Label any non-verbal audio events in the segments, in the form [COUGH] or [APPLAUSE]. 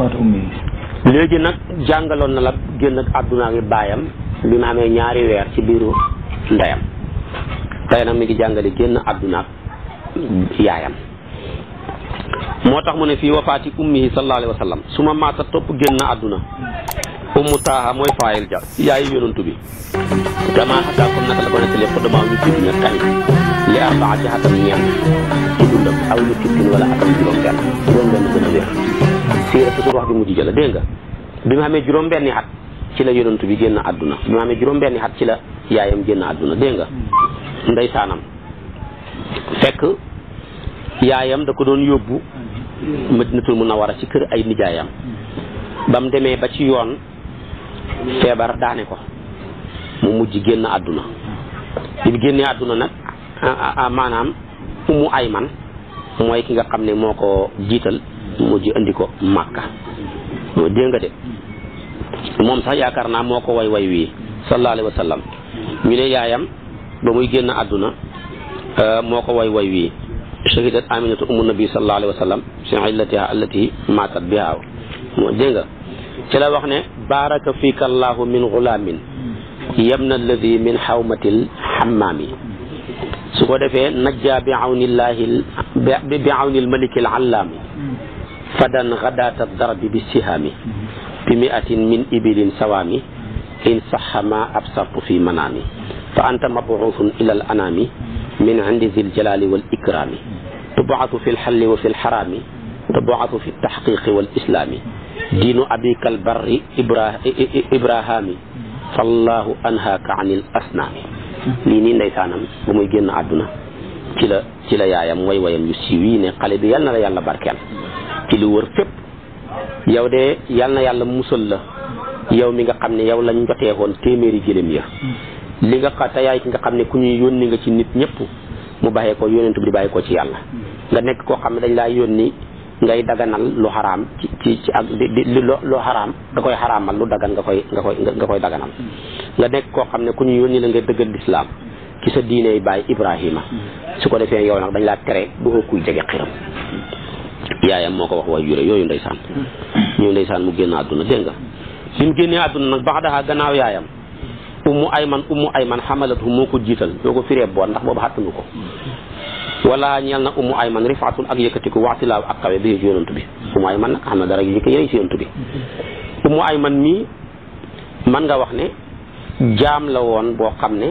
wafat ummi léegi nag jàngaloon na la génn ak àdduna gi baayam bi ma amee ñaari weer ci biiru ndeyam tey nag mi ngi jàngale génn àdduna ak yaayam moo tax mu ne fii wafaati ummihi sallallahu su ma maata topp génn àdduna ummu taaha mooy faayil ja yaayu yonantu bi damaa xataa comme naka la ko nettali xudamaaw ñu tudd ña tani li arbaa ci xatam ñeent ci dundam aw ñu fittin wala xatam juróom benn loolu leen gën a wér siira toujours wax ju mujj jëla dégg nga bi mu xamee juróom-benni at ci la yonantu bi génn àdduna bi mu xamee juróom-benni at ci la yaayam génn àdduna dégg nga ndeysaanam fekk yaayam da ko doon yóbbu madinatul munawara ci kër ay nijaayam ba demee ba ci yoon feebar daane ko mu mujj génn àdduna bi génnee àdduna nag maanaam mu ay man mooy ki nga xam ne moo ko jiital mujj andi ko màkka moo dégg de moom sax yaakaar naa moo ko way way wii sallallahu alayhi wa sallam ñu ne yaayam ba muy génn àdduna euh, moo ko way way wii shahidat aminatu umu nabi sallallahu alayhi wa sallam si illatiha allati maatat biha moo dégg ci la wax ne baraka fika allahu min gulaamin yabna alladi min xawmatil xammaami su ko defee najja bi awnillaahi bi awnil malikil allaami fadan xadaata darbi bi sihaami bi mi atin min ibilin sawaami in saxama ab sartu fi manaami fa anta mabuusun ila al anaami min indi zi ljalaali wal ikraami tubaatu fi lxalli wa fi lxaraami tubaatu fi ltaxqiqi wal islaami diinu abika albarri ibrahami fallahu anhaaka anil asnaami lii nii ndeysaanam bu muy génn àdduna ci la ci la yaayam way wayam yu siiw yi ne xale bi yal na la yàlla barkeel ci li wër fépp yow de yal na yàlla musal la yow mi nga xam ne yow lañ jotee woon téeméeri gëléem ya li nga yaay ki nga xam ne ku ñuy yónni nga ci nit ñëpp mu bàyyee ko yónent bi di bàyyi ko ci yàlla nga nekk koo xam ne dañ laa yónni ngay daganal lu xaraam ci ci ci ak di lu xaraam da koy xaraamal lu dagan nga koy nga koy nga koy daganal nga nekk koo xam ne ku ñu yónni la ngay dëggal lislaam ci sa diine baay Ibrahima su ko defee yow nag dañ laa tere bu ko kuy jege xiram yaayam moo ko wax waay jure yooyu ndeysaan ñuy ndeysaan mu génn àdduna dégg nga bi mu génnee àdduna nag baax daxaa gannaaw yaayam ay man ayman ummu ayman xamalatu moo ko jiital ñoo ko firee boon ndax boobu xattunu ko wala ñeel na ay man rifaatun ak yëkkatiku waxtilaaw ak kawe bi ci yonantu bi ummu man nag xam na dara yi ko yëy ci yonantu bi ummu ayman mii man nga wax ne jaam la woon boo xam ne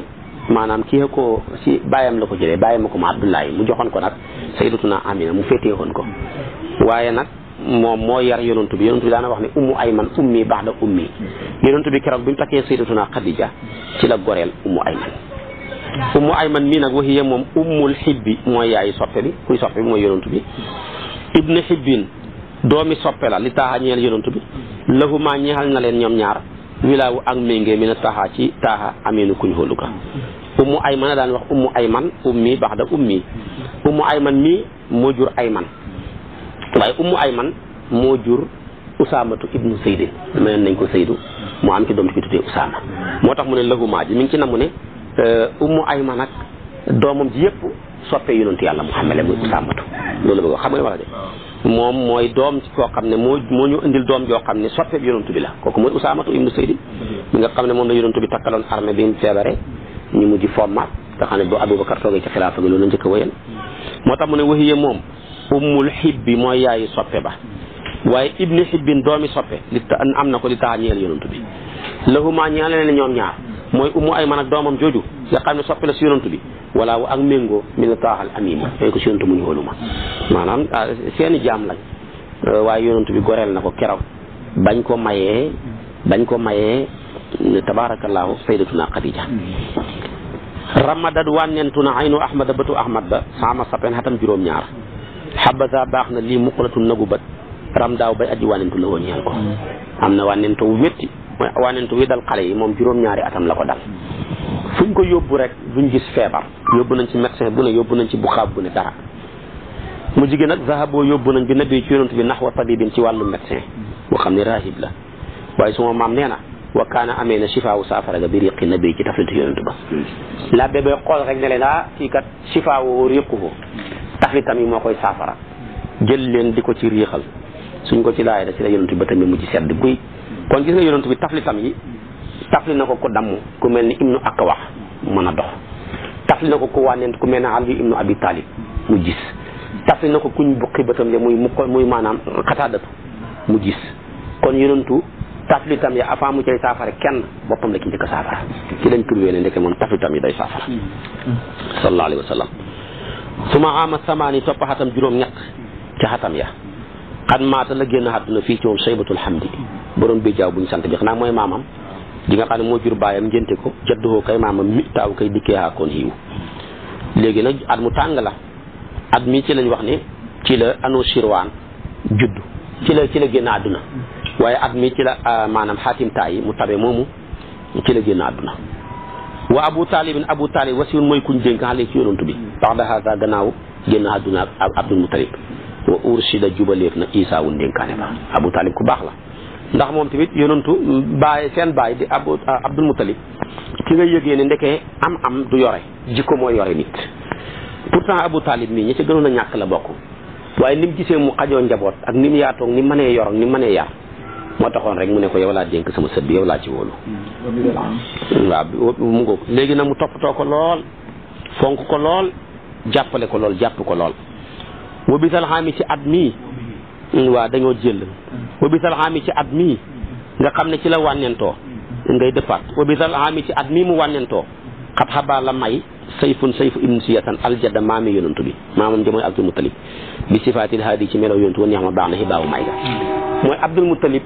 maanaam ci ko ci bàyyam la ko jëlee bàyyam ko ma Abdullahi mu joxoon ko nag sayyidatuna Amina mu féeteexoon ko waaye nag moom moo yar yonantu bi yonantu bi daana wax ne ummu ayman ummi ba'da ummi yonantu bi keroog bi mu takkee sayyidatuna Khadija ci la goreel ummu ayman ummu ayman mii nag waxiye moom ummul xibbi mooy yaayu soppe bi kuy soppe bi mooy yonantu bi ibnu xibbin doomi soppe la li taaxa ñeel yonantu bi lahuma ñeexal na leen ñoom ñaar wilaawu ak méngee mi na taaxa ci taaxa aminu kuñ xóolu ka ummu ayman a daan wax ummu ayman ummi baax da ummi ummu ayman mii moo jur ayman waaye ummu ayman moo jur usaamatu ibnu saydin mayoon nañ ko saydu mu am ci doom di ko tuddee moo tax mu ne lahumaa ji mi ngi ci ne euh, ummu ayman ak doomam ji yëpp soppee yonentu yàlla Muhammad la muy usaamatu loolu bëgg xam nga wala de moom mooy doom ci koo xam ne moo moo ñu indil doom joo xam ne soppee bi yonentu bi la kooku mooy usaamatu ibnu saydin mi nga xam ne moom la yonentu bi takkaloon armée bi mu feebare ñu mujj format nga xam ne bu Aboubacar toogee ci xilaafa gi loolu njëkk a moo tax mu ne waxiye moom ummul bi mooy yaayu soppe ba waaye ibni xibbin doomi soppe li ta am na ko li taxa ñeel yonantu bi lahuma ñaa leneen ñoom ñaar mooy ummu ay man ak doomam jooju nga xam ne soppe la si yonantu bi wala wa ak méngoo mi na taaxal amima dañ ko si yonantu muñ wóolu ma maanaam ah, seeni jaam lañ euh, waaye yonantu bi goreel na ko keroog bañ ko mayee bañ ko mayee tabaarakallaahu sayyidatuna Xadija ramadat wànnentu na aynu ahmada bëtu ahmad ba saama sapen xatam juróom-ñaar xabasa baax na lii muqlatun nagu bët ram daaw bay aji wànnentu la woon ñeel ko am na wànnentu wu métti wi dal xale yi moom juróom-ñaari atam la ko dal fuñ ko yóbbu rek duñ gis feebar yóbbu nañ ci médecin bu ne yóbbu nañ ci buxaab bu ne dara mu jigéen nag zahaboo yóbbu nañ bi nabi ci yonent bi naxwa tabibin ci wàllu médecin boo xam ne rahib la waaye suma maam nee na wa kaana amee na sifaawu saafara ga bi riqi nabi ci taflitu yonent ba labbe bay xool rek ne leen ah fii kat sifaawu riquhu taflitam yi moo koy saafara jël leen di ko ci riixal suñ ko ci laay da ci la yonent ba tamit mujj sedd guy kon gis nga yonent bi taflitam yi tafli na ko ku damm ku mel ni ibnu ak wax mën a dox tafli na ko ku wànnent ku mel ne Ali ibnu Abi Talib mu gis tafli na ko kuñ bukki bëtam de muy mu muy maanaam xataadatu mu gis kon yonentu tam ya avant mu cay saafara kenn boppam la ki njëkk a saafara ci lañ trouvé ne ndeke moom taflitam yi day saafara hmm. sallallahu alayhi wa sallam suma ama samaani topp xatam juróom ñett ci xatam ya xan maata la génn àdduna fii ci moom saybatul xamdi borom bi jaaw buñ sant bi xanaa mooy maamam di nga xam ne moo jur baayam njënte ko jadduhoo kay maamam mi taaw kay dikkee haakoon xiiw léegi nag at mu tàng la at mi ci lañ wax ne ci la ano sirwaan judd ci la génn àdduna waaye at mi ci la ah, maanaam xaatim taay mu tabe moomu ci la génn àdduna wa abu taalibin abu taalib wasiwun mooy kuñ dénk xale ci yonantu bi bax da haasa gannaaw génn àdduna ak abdul mutalib wa ursida jubaleef na isaa wun dénkaane ba abu taalib ku baax la ndax moom tamit yonantu baay seen baay di abu ah, abdul mutalib ki nga yëgee ne ndekee am am du yore jikko mooy yore nit pourtant abu taalib mii ñi ci gënoon a ñàkk la bokk waaye ni mu gisee mu xajoo njaboot ak nit mu yaatoog ni mu mënee yor ni mu mënee moo taxoon rek mu ne ko yow laa dénk sama sët bi yow laa ci wóolu waaw mu ngoog léegi nag mu toppatoo ko lool fonk ko lool jàppale ko lool jàpp ko lool wabisal xaami ci at mii waaw dañoo jël wabisal xaami ci at mii nga xam ne ci la wànnentoo ngay dëppaat wabisal xaami ci at mii mu wànnentoo xat xabaa la may sayfun sayfu ibnu siyatan aljada maami yonantu bi maamam ja mooy abdul muttalib bi sifaatil haadi ci melaw yonantu wa neex ma baax na xibaawu may mooy abdul muttalib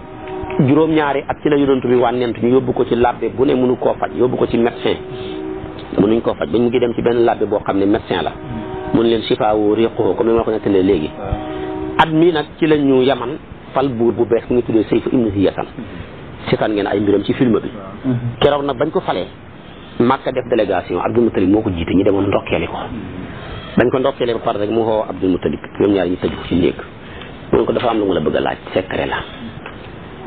juróom-ñaari at ci la yonent bi wànnent ñu yóbbu ko ci labbe bu ne mënu koo faj yóbbu ko ci médecin mënuñ koo faj bañ mu ngi dem ci benn labbe boo xam ne médecin la hmm. mun leen sifaawu riqoo comme ni ma ko nettalee léegi hmm. at mi nag ci la ñu yaman fal buur bu bees mu ngi tuddee Sayf ibn Hiyatan hmm. seetaan ngeen ay mbiram ci film bi keroog nag bañ ko falee Màkka def délégation Abdul Mutalib moo ko jiite ñu demoon ndokkeeli ko bañ ko ndokkeelee ba pare rek mu woo Abdul Mutalib ñoom ñaar ñu tëj ko ci néeg mun dafa am lu mu la bëgg laaj secret la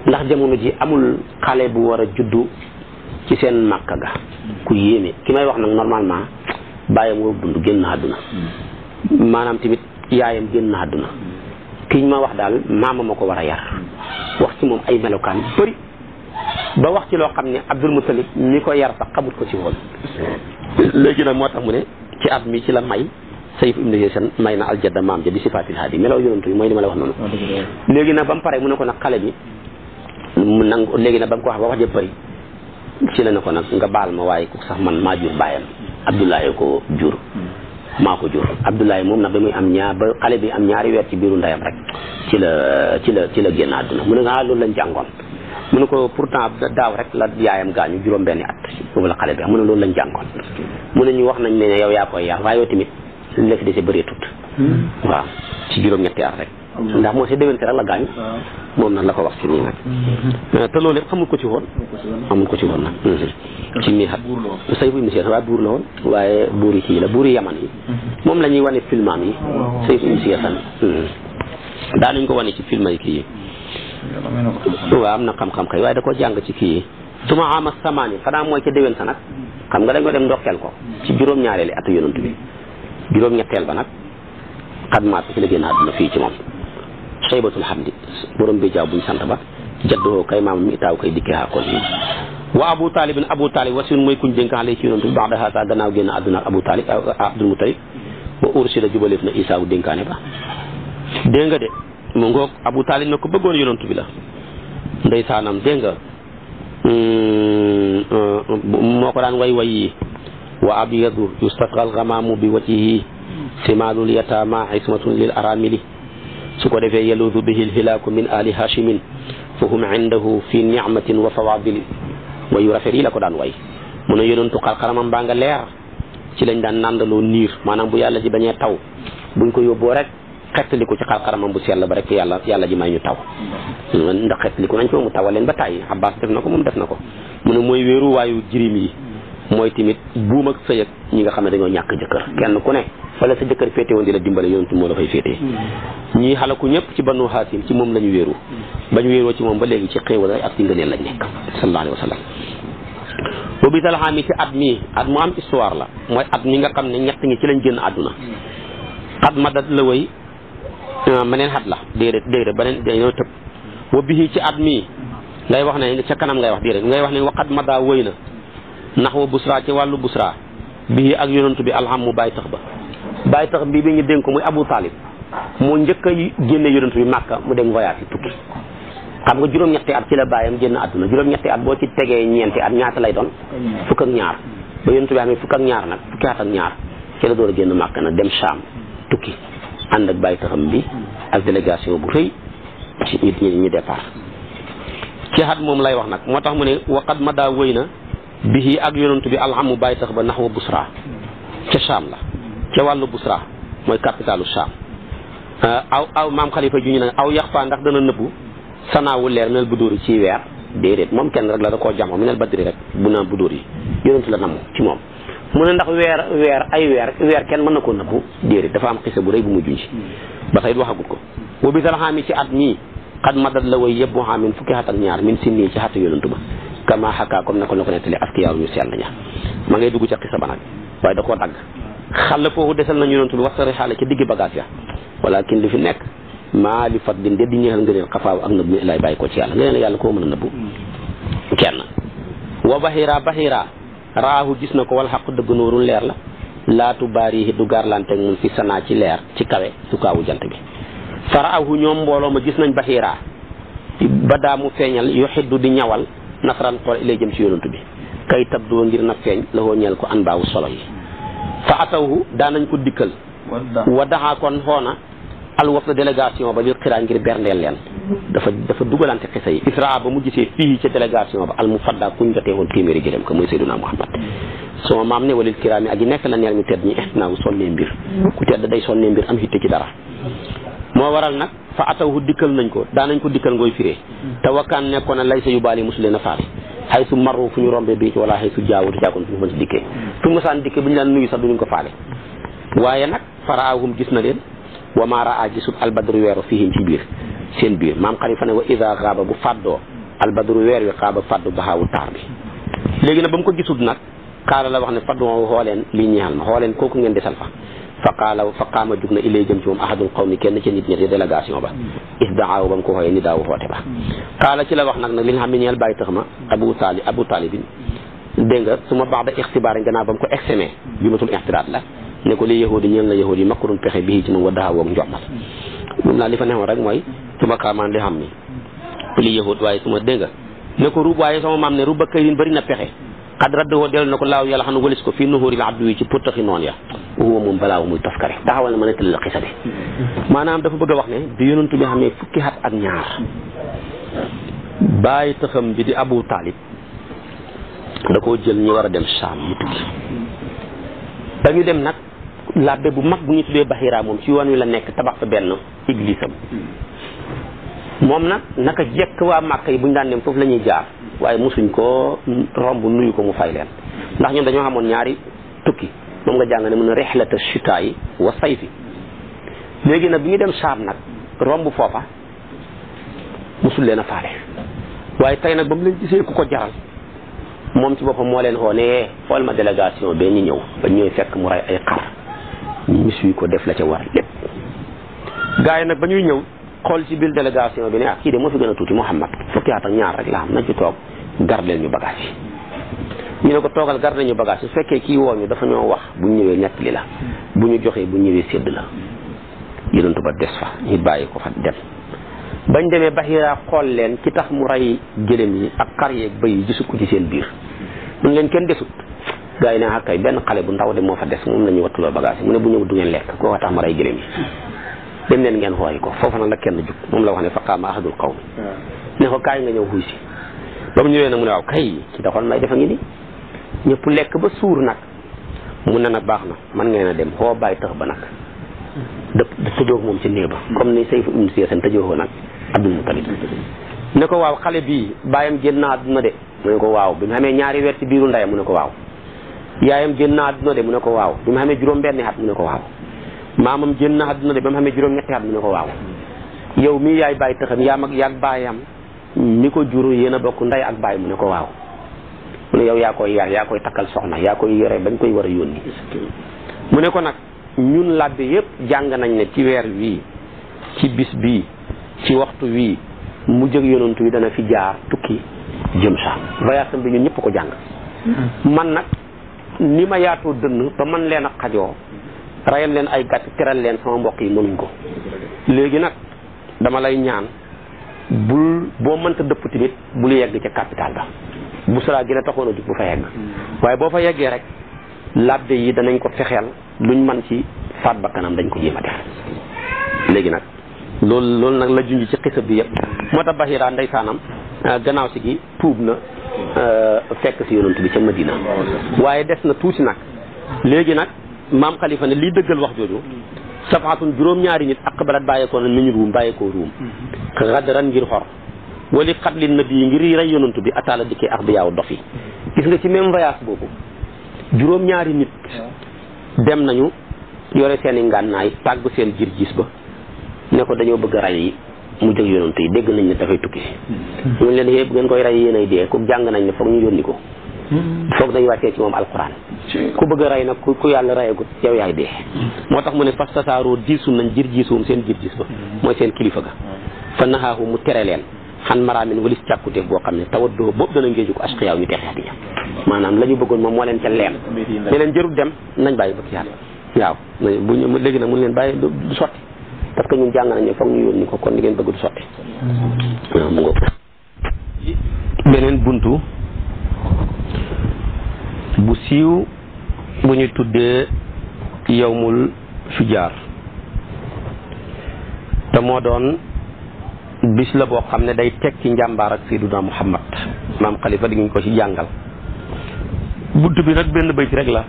ndax jamono ji amul xale bu war a juddu ci seen màkka ga ku yéeme ki may wax nag normalement bàyyam warul dund génn àdduna maanaam tamit yaayam génn àdduna kiñ ma wax daal maama ma ko war a yar wax ci moom ay melokaan bëri ba wax ci loo xam ne Abdul Mutalib mi ko yar sax xamut ko ci woon léegi nag moo tax mu ne ci at mi ci la may sayf ibnu yesan may na aljadda maam ja bi sifaatil haadi melaw yonantu yi mooy li ma la wax noonu léegi nag ba mu pare xale bi mu nangu léegi nag ba mu ko wax ba wax jëpp bëri ci la ne ko nag nga baal ma waaye ko sax man maa jur baayam Abdoulaye ko jur maa ko jur Abdoulaye moom nag ba muy am ñaar ba xale bi am ñaari weer ci biiru ndeyam rek ci la ci la ci la génn àdduna mu ne ah loolu lañ jàngoon mu ne ko pourtant daaw rek la yaayam gaañu juróom benni at boobu la xale bi mun ne loolu lañ jàngoon mu ne ñu wax nañ ne yow yaa koy yaar waaye yow tamit de la fi dese hmm. waaw ci juróom ndax moo si déwén si rek la gaañ moom nag la ko wax si nii mm-hmm. nag te loolu yëpp ko ci woon xamul ko ci woon nag mm-hmm. ci miixat say buy monsieur waaye buur la woon waaye buur yi kii la buur yi yaman yi mm-hmm. moom la ñuy wane filmaam yi say buy monsieur san daa nañ ko wane ci film yi kii yi waaw am na xam-xam kay waaye da ko jàng ci kii yi suma ama samaani xanaa mooy ca déwén sa nag xam nga dañ ko dem ndokkeel ko ci juróom-ñaareeli at yonantu bi juróom-ñetteel ba nag xadmaat bi ci ci moom xaybatul xamdi borom bi jaaw buñ sant ba jaddoo kay maam mi taaw kay dikkee xaa kon wa abu taalibin abu taalib wasin mooy kuñ dénkaale ci yonantu baax da xaasa gannaaw génn àdduna abu taalib abdul mutalib wa ursila jubaleef na isaa wu dénkaane ba dégg nga de mu ngoog abu taalib na ko bëggoon yonantu bi la ndeysaanam dégg nga mm, moo ko daan way way yi wa abyadu yustasqa alxamaamu bi wajhihi simaalul yataama ismatun lil aramili su ko defee yaluudu bihi lhilaaku min ali hachimin fa hum indahu fi niamatin wa fawadili wayu rafet yi la ko daan way mu ne yonentu xarxaramam baa nga leer ci lañ daan nàndaloo niir maanaam bu yàlla ji bañee taw buñ ko yóbboo rek xettaliku ci xarxaramam bu sell ba rek yàlla yàlla ji may ñu taw ndax xettaliku nañ ko mu tawa leen ba tàyyi abbas def na ko moom def na ko mu ne mooy wéeruwaayu jirim yi mooy tamit buum ak sëy ñi nga xam ne dañoo ñàkk jëkkër kenn ku ne fa la sa jëkkër féete woon di la dimbale yonentu moo la fay féete hmm. ñii ko ñëpp ci banu xaasim ci moom la ñu wéeru hmm. bañ wéeroo ci moom ba léegi ci xéewal ak ci ngëneel lañ nekk sallallahu alayhi wa sallam boobu italxaam yi ci at mii at mu am la mooy at mi nga xam ne ñett ñi lañ génn àdduna hmm. xat madat la woy meneen ah, xat la déedéet déedéet beneen dañoo tëb wa bihi ci at mii ngay wax ne ca kanam ngay wax déedéet ngay wax ne waxat mada woy na nax wa busra ci wàllu busra bihi ak yonantu bi alxam mu bàyyi tax ba bàyyi tax bii bi ñu dénk ko muy Abu Talib moo njëkk a génne yonent bi Màkka mu dem voyage yi tukki xam nga juróom-ñetti at ci la bàyyam génn àdduna juróom-ñetti at boo ci tegee ñeenti at ñaata lay doon fukk ak ñaar ba yonent bi amee ak ñaar nag fukki at ak ñaar ci la génn Màkka nag dem Sham tukki ànd ak bàyyi bi ak délégation bu rëy ci nit xat moom lay wax nag moo tax mu ne waqat ma daa wëy na bihi ak yonent bi alxamu bàyyi tax ba nax wa busra ca Sham la ca wàllu Busra mooy capitalu Saam euh, aw aw maam Khalifa ju ñu ne aw yax faa ndax dana nëbbu sanaawu leer mel bu dóor yi ci weer déedéet moom kenn rek la da koo jamoo mu nel badri rek bu naan bu dóor yi yonent la namu ci moom mu ne ndax weer weer ay weer weer kenn mën na koo nëbbu déedéet dafa am xisa bu rëy bu mu junj ba tey waxagut ko wa bi salxaami ci at mii xat madat la way xam muhamin fukki xat ak ñaar min sinnii ci xatu yonent ba kama xakaa comme ne ko la ko nettali askiyaaw ñu sell ña ma ngay dugg ca xisa ba nag waaye da koo dagg xàll foofu desal nañu yonent bi wax sari xaale ci digg bagage ya walakin li fi nekk maa bi fat din de di ñeexal ngëneel xafaaw ak nëbb mi lay bàyyi ko ci yàlla ngëneel yàlla koo mën a nëbbu kenn wa bahira bahira raahu gis na ko wal xaq dëgg nóorul leer la laatu baarihi du garlanteeg mun fi sanaa ci leer ci kawe su kaawu jant bi faraahu ñoom mbooloo ma gis nañ bahira ba daa mu feeñal yu xiddu di ñawal nasran xool ilay jëm ci yonent bi kay tabdoo ngir na feeñ la ko an baawu fa atawhu daanañ ko dikkal wa daxaa kon xoona al wafda délégation ba lil xiraa ngir berndeel leen dafa dafa dugalante xisa yi israa ba mu gisee fii ca délégation ba al mufadda kuñ jotee woon téeméeri gëlëm ko mooy Seydunaa Muhammad sama maam ne walil kiraa mi ak yi nekk la neel ñu tedd ñi ihtinaawu eh, sonnee mbir ku tedd day sonnee mbir am hitte ci dara moo waral nag fa atawhu dikkal nañ ko daanañ ko dikkal ngooy firee te wakkaan nekkoon na lay sa yu baali mosu leen a xay su marru fu ñu rombe bii ci wala xay su jaawatu jàkkoon fu ñu mën si dikkee fu mosaan dikkee bu ñu daan nuyu sax duñu ko faale waaye nag faraahum gis na leen wa maa raa gisul albadru weeru fihim ci biir seen biir maam xalifa ne wa ida xaaba bu fàddoo albadru weer wi xaaba fàddu baxaawu taar bi léegi nag ba mu ko gisul nag kaala la wax ne fàddu xooleen lii ñeexal ma xooleen kooku ngeen desal fa fa qaala fa qaama jug na ilay jëm ci moom ahadul qawmi kenn ci nit ñi di ba is daaw ba mu ko xooyee ni daaw xoote ba qaala ci la wax nag nag li nga xam ne ñeel bàyyi tax ma abu taali abu taalibin dégg nga su ma baax da ixtibaar gannaaw ba mu ko exeme jumatul ixtiraat la ne ko li yahudi ñeel na yahudi yi makkarum pexe bii ci moom wa daaw ak njommal mun li fa neexoon rek mooy su ma xaamaan li xam ni li yahud waaye su ma dégg nga ne ko rub waaye sama maam ne ruba këy rin na pexe xad raddoo dellu na ko laaw yàlla xam ne walis ko fii nuhuuril abdu yi ci pottaxi noonu ya huwa moom balaa muy taskare taxawal na ma nettali la xisa bi maanaam dafa bëgg a wax ne bi yonentu bi xam ne fukki xat ak ñaar bàyyi taxam bi di abu taalib da koo jël ñu war a dem saam mu dañu dem nag labbe bu mag bu ñu tuddee Bahira moom ci yoon wi la nekk tabax fa benn iglisam moom nag naka jekk waa màkk yi bu ñu daan dem foofu la ñuy jaar waaye mosuñ koo romb nuyu ko mu fay leen ndax ñoom dañoo xamoon ñaari tukki moom nga jàng ne mun a rexlata chuta yi wa sayfi léegi nag bi ñu dem saam nag romb foofa mosul leen a faale waaye tey nag ba mu leen gisee ko jaral moom ci boppam moo leen xoonee eh, xool ma délégation bee ñu ñëw ba ñooy fekk mu rey ay xar ñu ko def la ca war lépp gars yi nag ba ñuy ñëw xool ci biir délégation bi ne ah kii de moo fi gën a tuuti Mouhamad fukki at ak ñaar rek la xam nañ ci toog gardeel ñu bagage yi ne ko toogal garde ñu bagage su fekkee kii woo ñu dafa ñoo wax bu ñu ñëwee ñett li la bu ñu joxee bu ñëwee sédd la yonentu ba des fa bàyyi ko fa dem demee Bahira xool leen ci tax mu rey gëlëm yi ak xar yeeg bëy yi gisu ko ci seen biir mun leen kenn desut gars ne ah kay benn xale bu ndaw de moo fa des moom nañu ñuy wattuloo bagage yi mu ne bu ñëw du ngeen lekk koo tax ma rey gëlëm yi dem leen ngeen xooyi ko foofu nag la kenn jug moom la wax ne a qaama ahadul qawmi ne ko kaay nga ñëw xuy si ba mu ñëwee nag mu ne waaw kay ci taxoon may dafa ngi lekk ba suur nag mu ne nag baax na man ngeen a dem xoo bàyyi ba nag dëpp tëjoog moom ci néeg ba comme ni sayf ibn siyaasan tëjoogoo nag abdul mutalib ne ko waaw xale bii bàyyam génn na àdduna de mu ne ko waaw bi mu xamee ñaari weer biiru ndeyam mu ne ko waaw yaayam génn na àdduna de mu ne ko waaw bi mu xamee juróom benni at mu ne ko waaw maamam génn na àdduna de ba mu xamee juróom-ñetti at mu ne ko waaw yow mii yaay bàyyi taxam yaa mag yaag baayam mi ko juru yéen a bokk ndey ak baay mu ne ko waaw mu ne yow yaa koy yar yaa koy takkal soxna yaa koy yore bañ koy war a yónni mu ne ko nag ñun làbbe yépp jàng nañ ne ci weer wii ci bis bii ci waxtu wii mu jëg yonantu bi dana fi jaar tukki jëm sa voyage bi ñun ñëpp ko jàng hmm. man nag ni ma yaatoo dënn ba man leen a xajoo rayal leen ay gàtt teral leen sama mbokk yi mënuñ ko léegi nag dama lay ñaan bul boo mënta dëpp tamit bul yegg ca capital ba bu salaa gi la taxoon a jug bu fa yegg waaye boo fa yeggee rek labbe yi danañ ko fexeel luñ man ci faat ba dañ ko jéem a def léegi nag loolu loolu nag la junj ci xisa bi yëpp moo tax Bahira ndeysaanam ah, gannaaw si gi tuub na ah, fekk si yonent bi ca Madina waaye des na tuuti nag léegi nag maam xalifa ne lii dëggal wax jooju safaatun juróom-ñaari nit aqbalat bàyyeekoo na minit wuum bàyyeekoo ruum mm-hmm. xadran ngir xor wali xatlin nabi yi ngir rey yonantu bi ataala dikkee ax bi yaaw dof yi gis nga ci même voyage boobu juróom-ñaari nit dem nañu yore seen i ngànnaay tàgg seen jir gis ba ne ko dañoo bëgg a rey yi mu jóg yonantu yi dégg nañ ne dafay tukki si mm-hmm. ñu leen yëpp ngeen koy rey yéen ay dee ko jàng nañ ne foog ñu yónni ko foog dañu wàccee ci moom alquran ku bëgg rey nag ku yàlla rey reyagut yow yaay dee moo tax mu ne fas tasaaroo diisu nañ jir jiisuum seen jir gis ba mooy seen kilifa ga fa naxaahu mu tere leen xan maraamin walis càkkuteef boo xam ne tawaddoo boobu dana ngéeju ko asqiyaaw ñu texeati ña maanaam la ñu bëggoon moom moo leen ca leen ne leen jërul dem nañ bàyyi bëgg yàlla waaw bu ñu léegi nag mun leen bàyyi du sotti parce que ñun jàng nañu foog ñu yónni ko kon li ngeen bëgg du sotti waaw bu siiw bu ñu tuddee yowmul fujaar te moo doon bis la boo xam ne day tekki njàmbaar ak seyduna muhammad maam xalifa di ñu ko ci jàngal bunt bi nag benn bayt rek la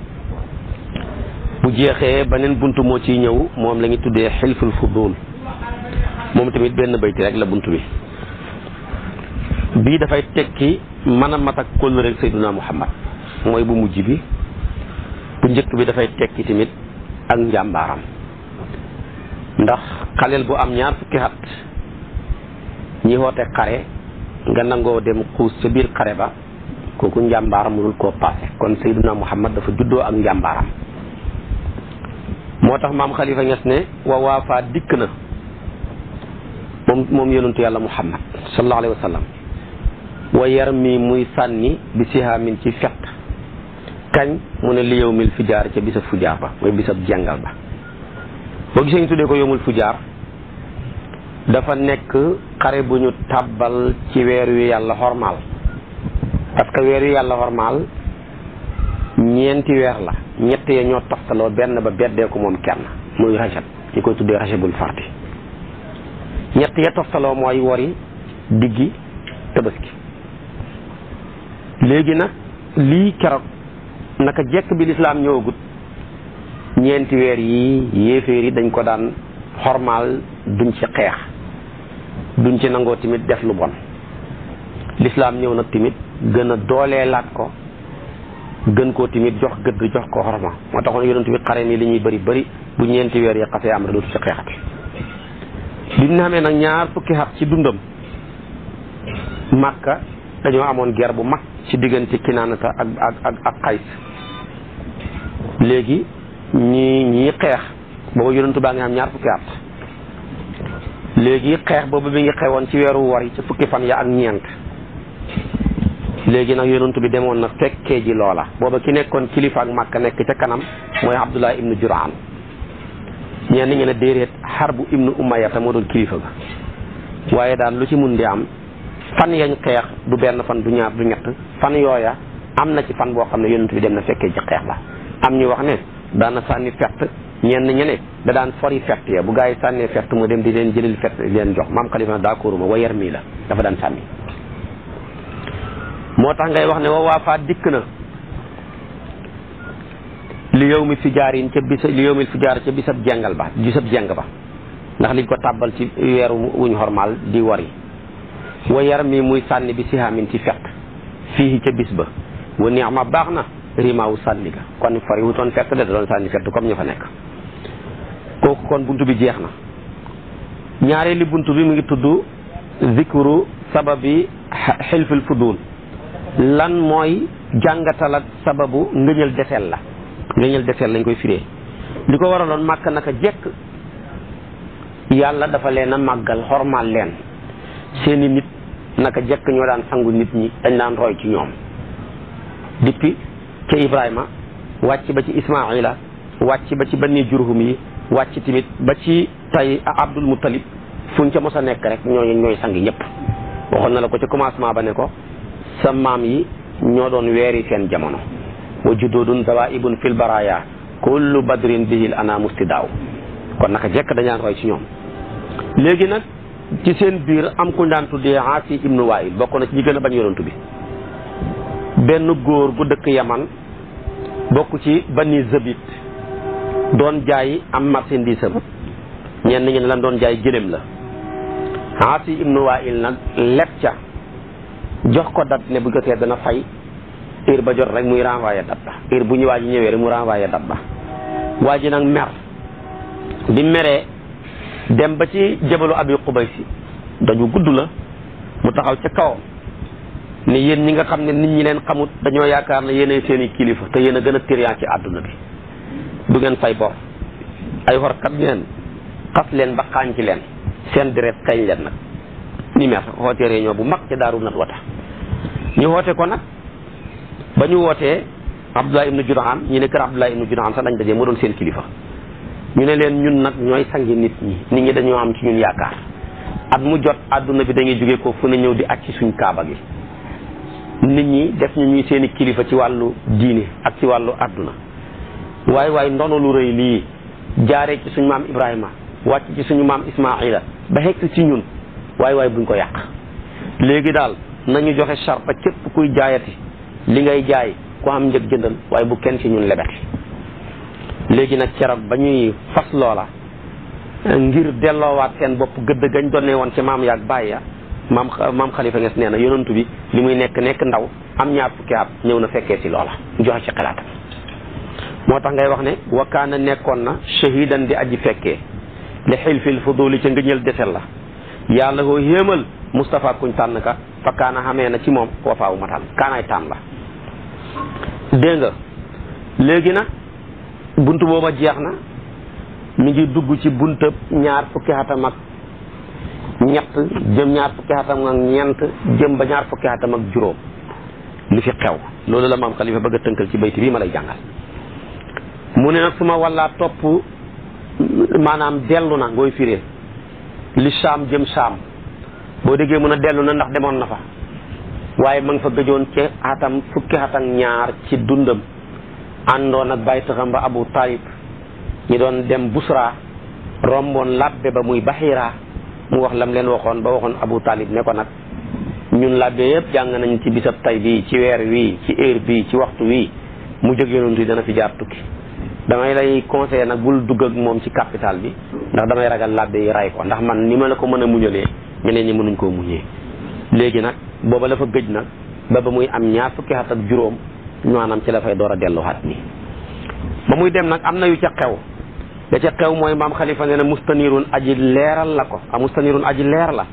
bu jeexee beneen bunt moo ciy ñëw moom lañuy tuddee xilful fudul moom tamit benn bayti rek la bunt bi bii dafay tekki mën a mat ak kóllëre Seyduna Muhammad mooy bu mujj bi bu njëkk bi dafay tekki tamit ak njàmbaaram ndax xaleel bu am ñaar fukki at ñi woote xare nga nangoo dem xuus ca biir xare ba kooku njàmbaaram mënul koo paase kon Seydina Muhammad dafa juddoo ak njàmbaaram moo tax maam Khalifa Niass ne wa waafaa dikk na moom moom yonentu yàlla Muhammad sallallahu alayhi wa sallam muy sànni bi sihaamin ci fett kañ mu ne li yow mil fu jaar ca bisab fu jaar ba mooy bisab jàngal ba boo gisee ñu tuddee ko yowmul fu jaar dafa nekk xare bu ñu tàbbal ci weer wi yàlla xormaal parce que weer wi yàlla xormaal ñeenti weer la ñett ya ñoo toftaloo benn ba beddee ko moom kenn muy rajab ñi koy tuddee rajabul fardi ñett ya toftaloo mooy wori diggi tabaski léegi nag lii keroog naka jekk bi lislaam ñëwagut ñeenti weer yi yéeféer yi dañ ko daan xormaal duñ ci xeex duñ ci nangoo tamit def lu bon lislaam ñëw nag tamit gën a laat ko gën koo tamit jox gëdd jox ko xorma moo taxoon yonent bi xare mi li bari bëri bu ñeenti weer yi xasee am rek dootu ci xeexati bi mu xamee nag ñaar fukki xat ci dundam màkka dañoo amoon guerre bu mag ci diggante kinaanata ak ak ak ak xays léegi ñi ñii xeex booba yonentu baa ngi am ñaar fukki at léegi xeex boobu bi ngi xewoon ci weeru wor yi ci fukki fan ya ak ñeent léegi nag yonentu bi demoon na fekkee ji loola booba ki nekkoon kilifa ak Makka nekk ca kanam mooy Abdullah ibnu Juraan ñenn ñi ne déedéet Harbu ibnu Umayya te moo doon kilifa ga waaye daal lu ci mun di am fan yañ xeex du benn fan du ñaar du ñett fan yooya am na ci fan boo xam ne yonentu bi dem na fekkee ji xeex la am ñu wax ne daana sànni fett ñenn ñe ne da daan fori fett ya bu gaa yi sànnee fett moo dem di leen jëlil fett leen jox maam xalifa d'accord ma wa yar mii la dafa daan sànni moo tax ngay wax ne wa waafaat dikk na li yow mi fi jaar yin ca bisa li yow mi fi jaar ca bisab jengal ba bisab jeng ba ndax liñ ko tàbbal ci weer wuñ xormaal di wari yi yar mi muy sànni bi sihaamin ci fett fii ca bis ba wa neex ma baax na rimaawu sànni ka kon fariwutoon fett de da doon sànni fett comme ñu fa nekk kooku kon buntu bi jeex na ñaareeli buntu bi mu ngi tudd zikru sababi xilfil fudul lan mooy jàngatala ak sababu ngëñal deseel la ngëñal deseel lañ koy firee li ko loon màkk naka jekk yàlla dafa leen a màggal xormaal leen seeni nit naka jekk ñoo daan sangu nit ñi dañ daan roy ci ñoom depuis ca Ibrahima wàcc ba ci Ismaila wàcc ba ci banni jurhum yi wàcc tamit ba ci tay Abdul Muttalib fuñ ca mos a nekk rek ñooñu ñooy sang ñëpp. waxoon na la ko ci commencement ba ne ko sa maam yi ñoo doon weeri seen jamono wa judoodun dawaibun fil baraya kullu badrin bihil ana mustidaaw kon naka jekk dañaan roy ci ñoom léegi nag ci seen biir am kuñ daan tuddee Aasi ibnu Waayil bokk na ci ñi gën a bañ yonantu bi benn góor gu dëkk yaman bokk ci bani zabit doon jaay am marchandise am ñenn ñi lañ doon jaay gëléem la Aasi ibnu Waa'il nag leb ca jox ko dat ne bu jotee dana fay heure ba jot rek muy renvoyé dat ba heure bu ñu waa ji ñëwee rek mu renvoyé dat ba waa ji nag mer bi meree dem ba ci jabalu abi Qubays daju gudd la mu taxaw ca kawam ne yéen ñi nga xam ne nit ñi leen xamut dañoo yaakaar na yéenay seeni i kilifa te yéen a gën a tëriyaan ci àdduna bi du ngeen fay bor ay xorkat ngeen xas leen ba xaañ ci leen seen deret kañ leen nag ni mer xoote ñoo bu mag ca daaru nat wata ñu woote ko nag ba ñu wootee Abdullah ibnu Judaan ñu ne kër Abdullah ibnu Judaan sax lañ dajee moo doon seen kilifa ñu ne leen ñun nag ñooy sangi nit ñi nit ñi dañoo am ci ñun yaakaar at mu jot àdduna bi dañuy jóge ko fu ne ñëw di acci suñ kaaba gi nit ñi def ñu ñuy seeni kilifa ci wàllu diine ak ci wàllu àdduna waaye waaye ndono lu rëy lii jaaree ci suñu maam Ibrahima wàcc ci suñu maam Ismaila ba xekk ci ñun waaye waaye buñ ko yàq léegi daal nañu joxe sharta képp kuy jaayati li ngay jaay ku am njëg jëndal waaye bu kenn ci ñun lebet léegi nag ceroog ba ñuy fas loola ngir delloowaat seen bopp gëdd gañ doon woon ci maam yaag bàyya maam maam Khalifa Niass nee na yonantu bi li muy nekk nekk ndaw am ñaar fukki at ñëw na fekkee si loola joxe ci xalaatam moo tax ngay wax ne wakkaana nekkoon na shahidan di aji fekkee li xilfil fuduli ca ngëñal desel la yàlla koo yéemal Moustapha kuñ tànn ka fa kaana xamee na ci moom wafaawu ma tànn kaanaay tànn la dégg nga léegi nag bunt booba jeex na mi ngi dugg ci buntab ñaar fukki atam ak ñett jëm ñaar fukki atam ak ñeent jëm ba ñaar fukki atam ak juróom li fi xew loolu la maam xalifa bëgg a tënkal ci bayti yi ma lay jàngal mu ne nag su walla topp maanaam dellu na ngooy firee li saam jëm saam boo déggee mun a dellu na ndax demoon na fa waaye ma nga fa gëjoon ci atam fukki at ñaar ci dundam àndoon ak bàyyi taxam ba abu taalib ñi doon dem busra romboon labbe ba muy baxiraa mu wax lam leen waxoon ba waxoon Abu Talib ne ko nag ñun làbbe yëpp jàng nañu ci bisab tay bii ci weer wii ci heure bii ci waxtu wi mu jóg yonent yi dana fi jaar tukki damay lay conseillé nag bul dugg ak moom ci capital bi ndax damay ragal làbbe yi ray ko ndax man ni ma la ko mën a muñalee ñeneen ñi mënuñ koo muñee léegi nag booba la fa gëj nag ba ba muy am ñaar fukki at ak juróom ñu maanaam ci la fay door a delluwaat nii ba muy dem nag am na yu ca xew da ca xew mooy maam xalifa nee na mustanirun aji leeral la ko a ah, mustanirun aji leer la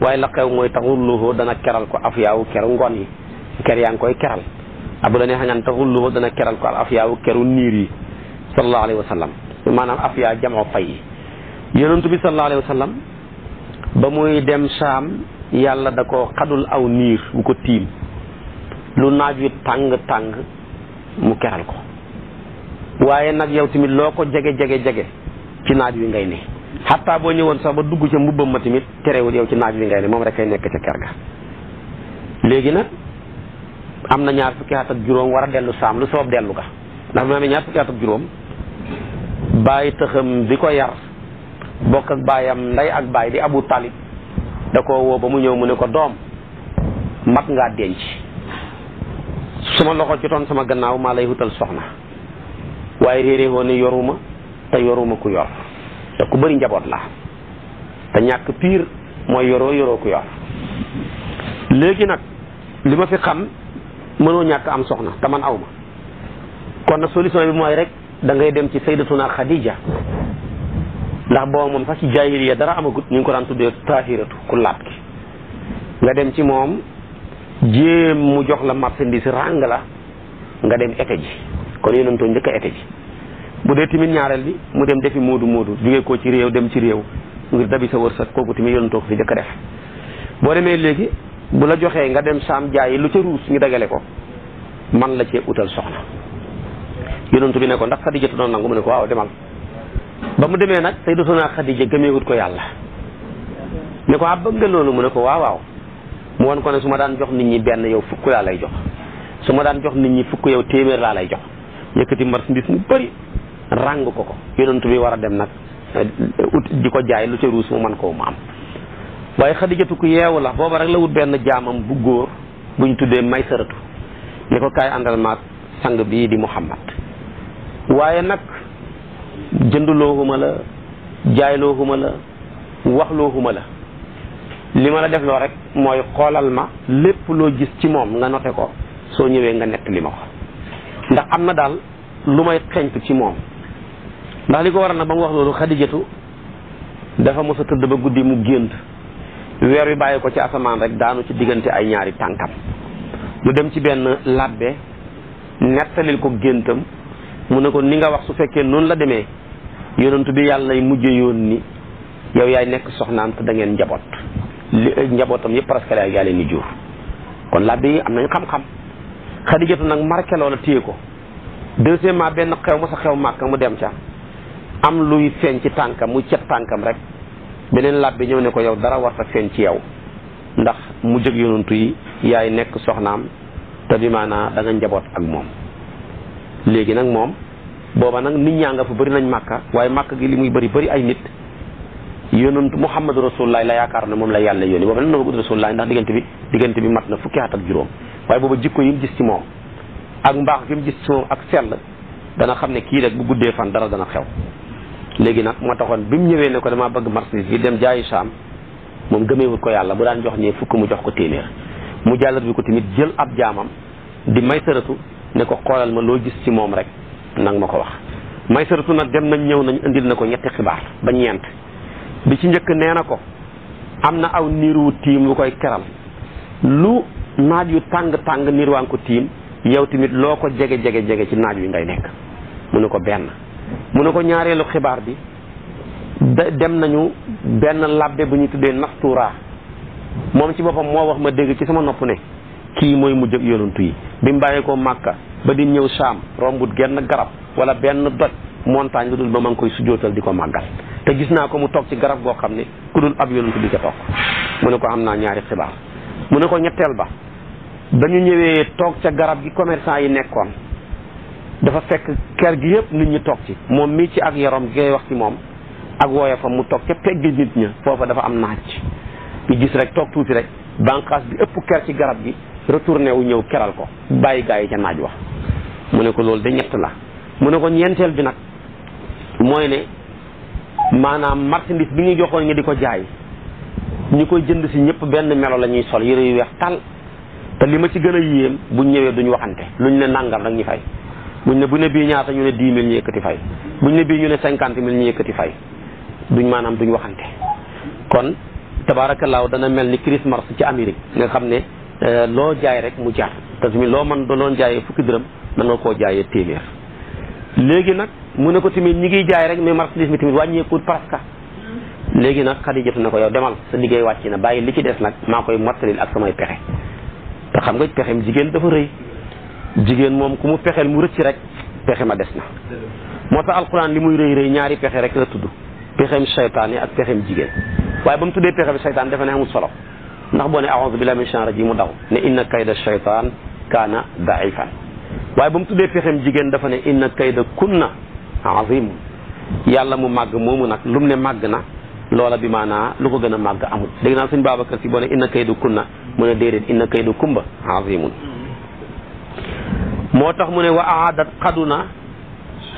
waaye la xew mooy taxul luuxoo dana keral ko afyaawu keru ngon yi ker yaa ngi koy keral abu ah, la neexa ngaan taxul luuxoo dana keral ko afyaawu keru niir yi sallallahu alayhi wa sallam maanaam afyaa jamoo fay yi yonentu bi sallallahu alayhi wa sallam ba muy dem saam yàlla da ko xadul aw niir bu ko tiim lu naaj wi tàng tàng mu keral ko waaye nag yow tamit loo ko jege jege jege ci naaj wi ngay ne xataa boo ñëwoon sax ba dugg ca mbubbam ma tamit terewul yow ci naaj wi ngay ne moom rek kay nekk ca ker ga léegi nag am na ñaar fukki at ak juróom war a dellu saam lu soob dellu ga ndax bi ma amee ñaar fukki at ak juróom bàyyi tëxam bi ko yar bokk ak baayam nday ak baay di abu talib da ko woo ba mu ñëw mu ne ko doom mat ngaa denc su ma loxo jotoon sama gannaaw maa lay wutal soxna waaye réeré woon ne yoruma te yoruma ku yor te ku bëri njaboot la te ñàkk pire mooy yoroo yoroo ku yor léegi nag li ma fi xam mënoo ñàkk am soxna te man aw ma kon nag solution bi mooy rek dangay dem ci saydatuna Khadija ndax boo moom sax ci jaahiliya dara amagut ñu ngi ko daan tuddee tahiratu ku laab gi nga dem ci moom jéem mu jox la marchandise ràng la nga dem ete ji kon yonentoo njëkk a été bu dee tamit ñaareel bi mu dem defi moodu moodu jugee ko ci réew dem ci réew ngir dabi sa wërsëg kooku tamit yonentoo ko fi njëkk a def boo demee léegi bu la joxee nga dem saam yi lu ca ruus ñu dagale ko man la cee utal soxna yonentu bi ne ko ndax Xadija doon nangu mu ne ko waaw ba mu demee nag sayyidatuna Xadija gëmeewut ko yàlla ne ko ah bëgg loolu mu ne ko waaw waaw mu won ko ne su ma daan jox nit ñi benn yow fukk laa lay jox su ma daan jox nit ñi fukk yow téeméer laa lay jox yëkkati marchandise mu bëri ràng ko ko yonent bi war a dem nag eh, ut di ko jaay lu ca ruus mu man koo mu am waaye xadijatu ku yeewu la booba rek la wut benn jaamam bu góor buñ tuddee may saratu ne ko kaay àndal maag sang bii di muhammad waaye nag jëndulooxuma la jaaylooxuma la waxlooxuma la li ma la def loo rek mooy xoolal ma lépp loo gis ci moom nga note ko soo ñëwee nga nett li ma ko ndax am na daal lu may xeñtu ci moom ndax li ko waral nag ba mu wax loolu xadijatu dafa mos a tëdd ba guddi mu gént weer wi bàyyi ko ci asamaan rek daanu ci diggante ay ñaari tànkam mu dem ci benn labbe nettalil ko géntam mu ne ko ni nga wax su fekkee noonu la demee yonentu bi yàlla lay mujje yoon ni yow yaay nekk soxnaam te da ngeen njaboot li njabootam yëpp presque yaa leen di jur kon labbe yi am nañ xam-xam xadijatu nag marqué loola téye ko deuxièmement benn xew ma sa xew màkk mu dem ca am luy feeñ ci tànkam mu cet tànkam rek beneen làbbe ñëw ne ko yow dara warta feeñ ci yow ndax mu jóg yonantu yi yaay nekk soxnaam te bi maanaa da nga njaboot ak moom léegi nag moom booba nag nit ñaa nga fa bëri nañ màkka waaye màkka gi li muy bëri bëri ay nit yonantu muhammadu rasulullah la yaakaar ne moom la yàlla yónni booba nag na ko gudd bi diggante bi mat na fukki at ak juróom waaye booba jikko yi mu gis ci moom ak mbaax gi mu gis ci moom ak sell dana xam ne kii rek bu guddee fan dara dana xew léegi nag moo taxoon bi mu ñëwee ne ko damaa bëgg marchandise bi dem jaayi saam moom gëmeewul ko yàlla mu daan jox ñee fukk mu jox ko téeméer mu jàllar bi ko tamit jël ab jaamam di may saratu ne ko xoolal ma loo gis ci moom rek nag ma ko wax may saratu nag dem nañ ñëw nañu indil na ko ñetti xibaar ba ñeent bi ci njëkk nee na ko am na aw niiru tiim lu koy keral naaj yu tàng tàng niir waa ngi ko tiim yow tamit loo ko jege jege jege ci naaj wi ngay nekk mu ne ko benn mu ne ko ñaareelu xibaar bi dem nañu benn labbe bu ñu tuddee nasturaa moom ci boppam moo wax ma dégg ci sama nopp ne kii mooy mujj ak yonantu yi bi mu bàyyee ko Màkka ba di ñëw Saam rombut genn garab wala benn doj montagne lu dul ba ma ngi koy sujootal di ko màggal te gis naa ko mu toog ci garab goo xam ne ku dul ab yonantu di ca toog mu ne ko am naa ñaari xibaar mu ne ko ñetteel ba ba ñu ñëwee toog ca garab gi commerçant yi nekkoon dafa fekk ker gi yëpp nit ñi toog ci moom mii ci ak yaram gi ngay wax ci moom ak wooye fa mu toog ca pegg nit ña foofa dafa am naaj ñu gis rek toog tuuti rek bànqaas bi ëpp ker ci garab gi retourné wu ñëw keral ko bàyyi gaa yi ca naaj wax mu ne ko loolu de ñett la mu ne ko ñeenteel bi nag mooy ne maanaam marchandise bi ñu joxoon nga di ko jaay ñi koy jënd si ñëpp benn melo la ñuy sol yëre yu weex tal te li ma ci gën a yéem buñ ñëwee duñ waxante luñ ne nangam rek ñu fay buñ ne bu ne bii ñaata ñu ne dix mille ñu yëkkati fay buñ ne bii ñu ne cinquante mille ñu yëkkati fay duñ maanaam duñ waxante kon tabaarakallaahu dana mel ni Christmas ci Amérique nga xam ne euh, loo jaay rek mu jaar te tamit loo mën doon jaayee fukki dërëm mën nga koo jaayee téeméer léegi nag mu ne ko tamit ñi ngi jaay rek mais marchandise mi tamit wàññeekuut presque léegi nag Xadijatu n ko yow demal sa liggéey wàcc na bàyyi li ci des nag maa koy mottalil ak samay pexe te xam nga pexem jigéen dafa rëy jigéen moom ku mu pexeel mu rëcc rek pexe ma des na moo tax alxuraan li muy rëy rëy ñaari pexe rek la tudd pexem seytaane ak pexem jigéen waaye ba mu tuddee pexe bi seytaan dafa ne amul solo ndax boo ne a'uuzu billaahi mina shaytaani rajiim mu daw ne inna kayda seytaan kaana daifan waaye ba mu tuddee pexem jigéen dafa ne inna kayda kunna aziim yàlla mu màgg moomu nag lu mu ne màgg na loola bi maanaa lu ko gën a màgg amul dégg naa suñ Babacar si boo ne inna kaydu kunna mu ne déedéet inna kaydu kumba moo tax mu ne wa aadat xaduna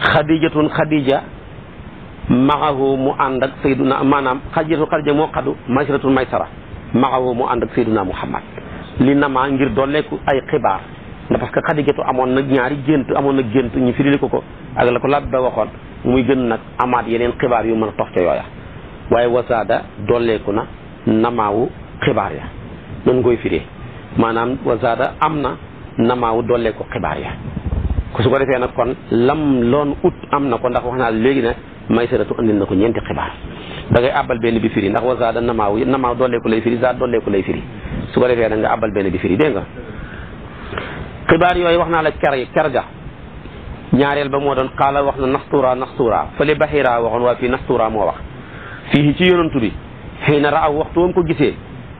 xadijatun xadija maxahu mu ànd ak sayduna maanaam xadijatun xadija moo xadu masratun maysara maxahu mu ànd ak sayduna muhammad li namaa ngir dooleeku ay xibaar ndax parce que xadijatu amoon nag ñaari gént amoon na gént ñu firili ko ko ak la ko laaj ba waxoon muy gën nag amaat yeneen xibaar yu mën a tox ca yooya waaye wasaada dolleeku na namaawu xibaar ya noonu koy firee maanaam wasaada am na namaawu dolleeku xibaar ya ko su ko defee nag kon lam loon ut am na ko ndax wax naa léegi ne may saratu andil na ko ñeenti xibaar da ngay àbbal benn bi firi ndax wasaada namaaw namaaw dolleeku lay firi zaat dolleeku lay firi su ko defee nag nga àbbal benn bi firi dégg nga xibaar yooyu wax naa la ker ker ga ñaareel ba moo doon xaala wax na nastuura nastuura fële baxiraa waxoon waa fii nastuura moo wax fii ci yonantu bi xëy na raaw waxtu wam ko gisee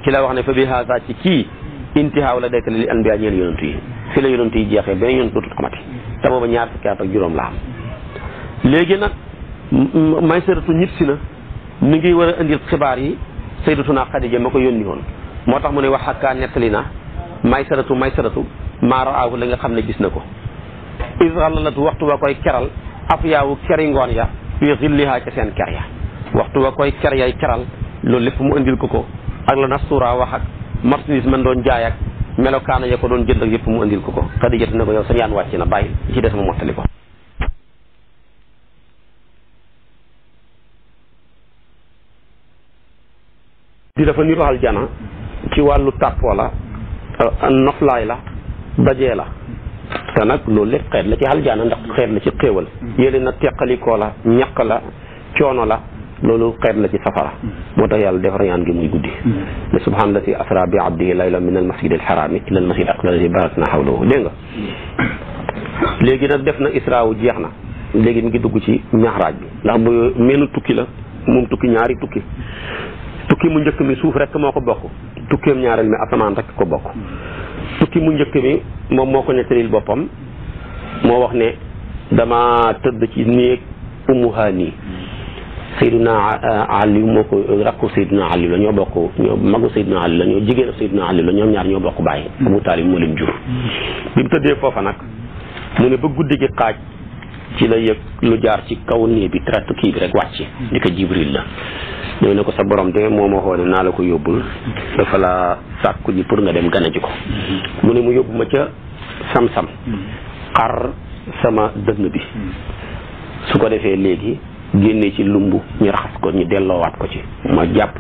ci la wax ne fa bi haasa ci kii intihaaw la dekkale li a ñeel yonantu yi fi la yonantu yi jeexee beneen yonantu dootul amati te booba ñaar fukki at ak juróom la am léegi nag may saratu ñib si na mi ngi war a indil xibaar yi sayyidatuna Xadija ma ko yónni woon moo tax mu ne wax akkaa nettali na may saratu may saratu maa raaw la nga xam ne gis na ko is xalalatu waxtu wa koy keral af ngoon ya fii seen ker ya waxtu wa koy car yay caral loolu lépp mu indil ko ko ak la nastuura wax ak marchandise man doon jaay ak melokaana ya ko doon jënd ak yëpp mu indil ko ko xadijatu ne ko yow sa ñaan wàcc na bàyyi ci des ma mottali ko di dafa niru aljana ci wàllu tàppoo la euh, noflaay la dajee la te nag loolu lépp xeet la ci aljana ndax xeet la ci xéewal yéli na teqalikoo la ñaq la coono la loolu xeet la ci safara moo tax yàlla defar ñaan gi muy guddi ne subhaanallati asra bi abdihi laylan min al masjid al harami ila al masjid al aqsa allati barakna hawlahu dégg nga léegi nag def na isra jeex na léegi mi ngi dugg ci mi'raaj bi ndax bu meenu tukki la moom tukki ñaari tukki tukki mu njëkk mi suuf rek moo ko bokk tukkeem ñaareel mi asamaan rek ko bokk tukki mu njëkk mi moom moo ko nettalil boppam moo wax ne dama tëdd ci néeg ummu haani Seydina euh, Aliou moo ko euh, rakku Seydina Aliou la ñoo bokk ñoo magu Seydina Aliou la ñoo jigéenu Seydina Aliou la ñoom ñaar ñoo bokk bàyyi. Mm-hmm. Abu Taalib moo leen jur. bi mu tëddee foofa nag mu ne ba guddi gi xaaj ci la yëg lu jaar ci kaw nii bi traite kii bi rek wàcc. di ko Jibril la. ñëw ne ko sa borom de moo ma xoone naa la ko yóbbul. dafa la sàkku ji pour nga dem gane ji ko. Mm-hmm. mu ne mu yóbbu ma ca sam-sam. Mm-hmm. xar sama dënn bi. su ko defee léegi. génne ci lumbu ñu raxas ko ñu delloowaat ko ci ma jàpp